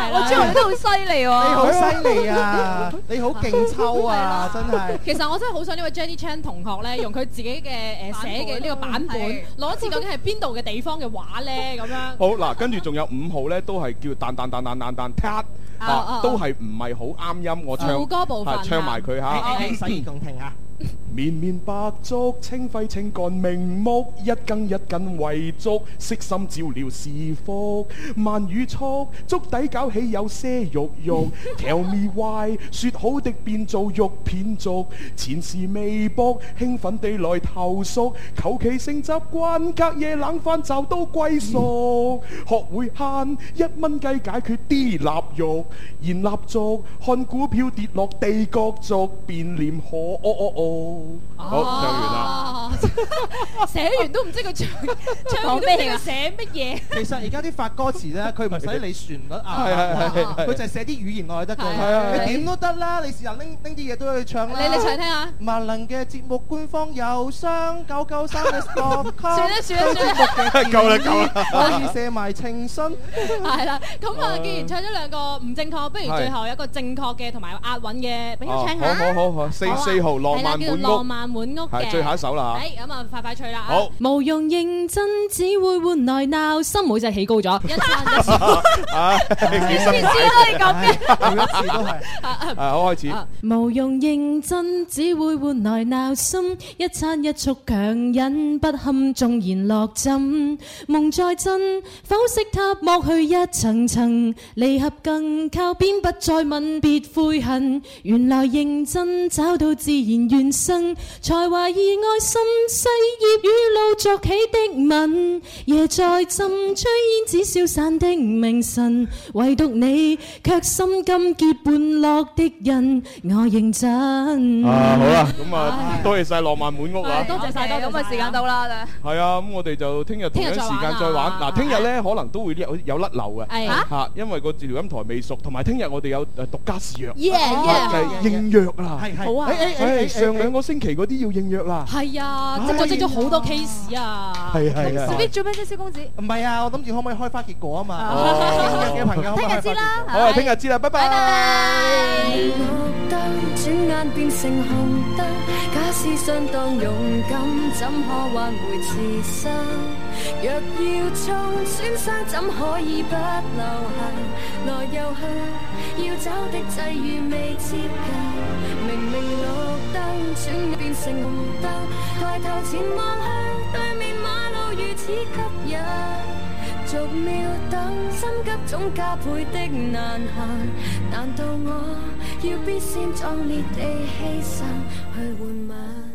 我知你都好犀利喎！你好犀利啊！你好勁抽啊！真係，其實我真係好想呢位 Jenny Chan 同學咧，用佢自己嘅誒寫嘅呢個版本，攞一次究竟係邊度嘅地方嘅畫咧？咁樣好嗱，跟住仲有五號咧，都係叫彈彈彈彈彈彈 cut，都係唔係好啱音我唱副歌部分，唱埋佢嚇。洗耳恭聽啊！綿綿白粥，清肺清肝明目，一羹一羹為粥，悉心照料是福。慢魚觸，粥底攪起有些肉肉 ，Tell me why，說好的變做肉片粥。前時微博，興奮地來投訴，求其成習慣，隔夜冷飯就都歸宿。學會慳一蚊雞解決啲臘肉，然蠟燭看股票跌落地角逐，變臉可哦哦哦。哦，寫完都唔知佢唱唱咩嚟噶，寫乜嘢？其實而家啲發歌詞咧，佢唔使理旋律啊，係係係，佢就係寫啲語言落去得嘅，係啊，點都得啦，你事後拎拎啲嘢都可以唱啦。你你唱聽下。萬能嘅節目官方郵箱九九三六。算啦算啦算啦，夠啦夠啦。可以寫埋情信。係啦，咁啊，既然唱咗兩個唔正確，不如最後有一個正確嘅同埋押韻嘅，俾我唱下。好好好好，四四號浪。叫做浪漫滿屋係最後一首啦，啊哎，咁啊快快脆啦，好，啊。無用認真，只會換來鬧心，好每係起高咗，一餐，啊，一束，啊，你先知都係咁嘅，好開始。啊，無用認真，只會換來鬧心，一餐一束強忍，不堪縱然落枕。夢再真，否色它莫去一層層，離合更靠邊，不再問，別悔恨。原來認真找到自然。緣生，才華異外，心細葉雨露作起的吻，夜在浸，吹煙子消散的明晨，唯獨你卻心甘結伴落的人，我認真。啊好啦，咁啊多謝晒浪漫滿屋啊，多謝晒多，咁啊時間到啦，係啊，咁我哋就聽日同一時間再玩，嗱，聽日咧可能都會有有甩漏嘅，吓，因為個調音台未熟，同埋聽日我哋有獨家試藥，係應約啦，係係好啊，誒誒誒。兩個星期嗰啲要應約啦，係啊，積咗積咗好多 case 啊，係、哎、係啊，啊，啊，啊，啊，做咩啫，肖公子？唔係啊，我諗住、哦哦哦、可唔可以開花結果啊嘛，聽日嘅朋友，好聽日、啊、知啦，好，聽日知啦，拜拜，拜拜。轉變成紅燈，抬頭前望向，對面馬路如此吸引。逐秒等，心急總加倍的難行。難道我要必先壯烈地犧牲，去換嗎？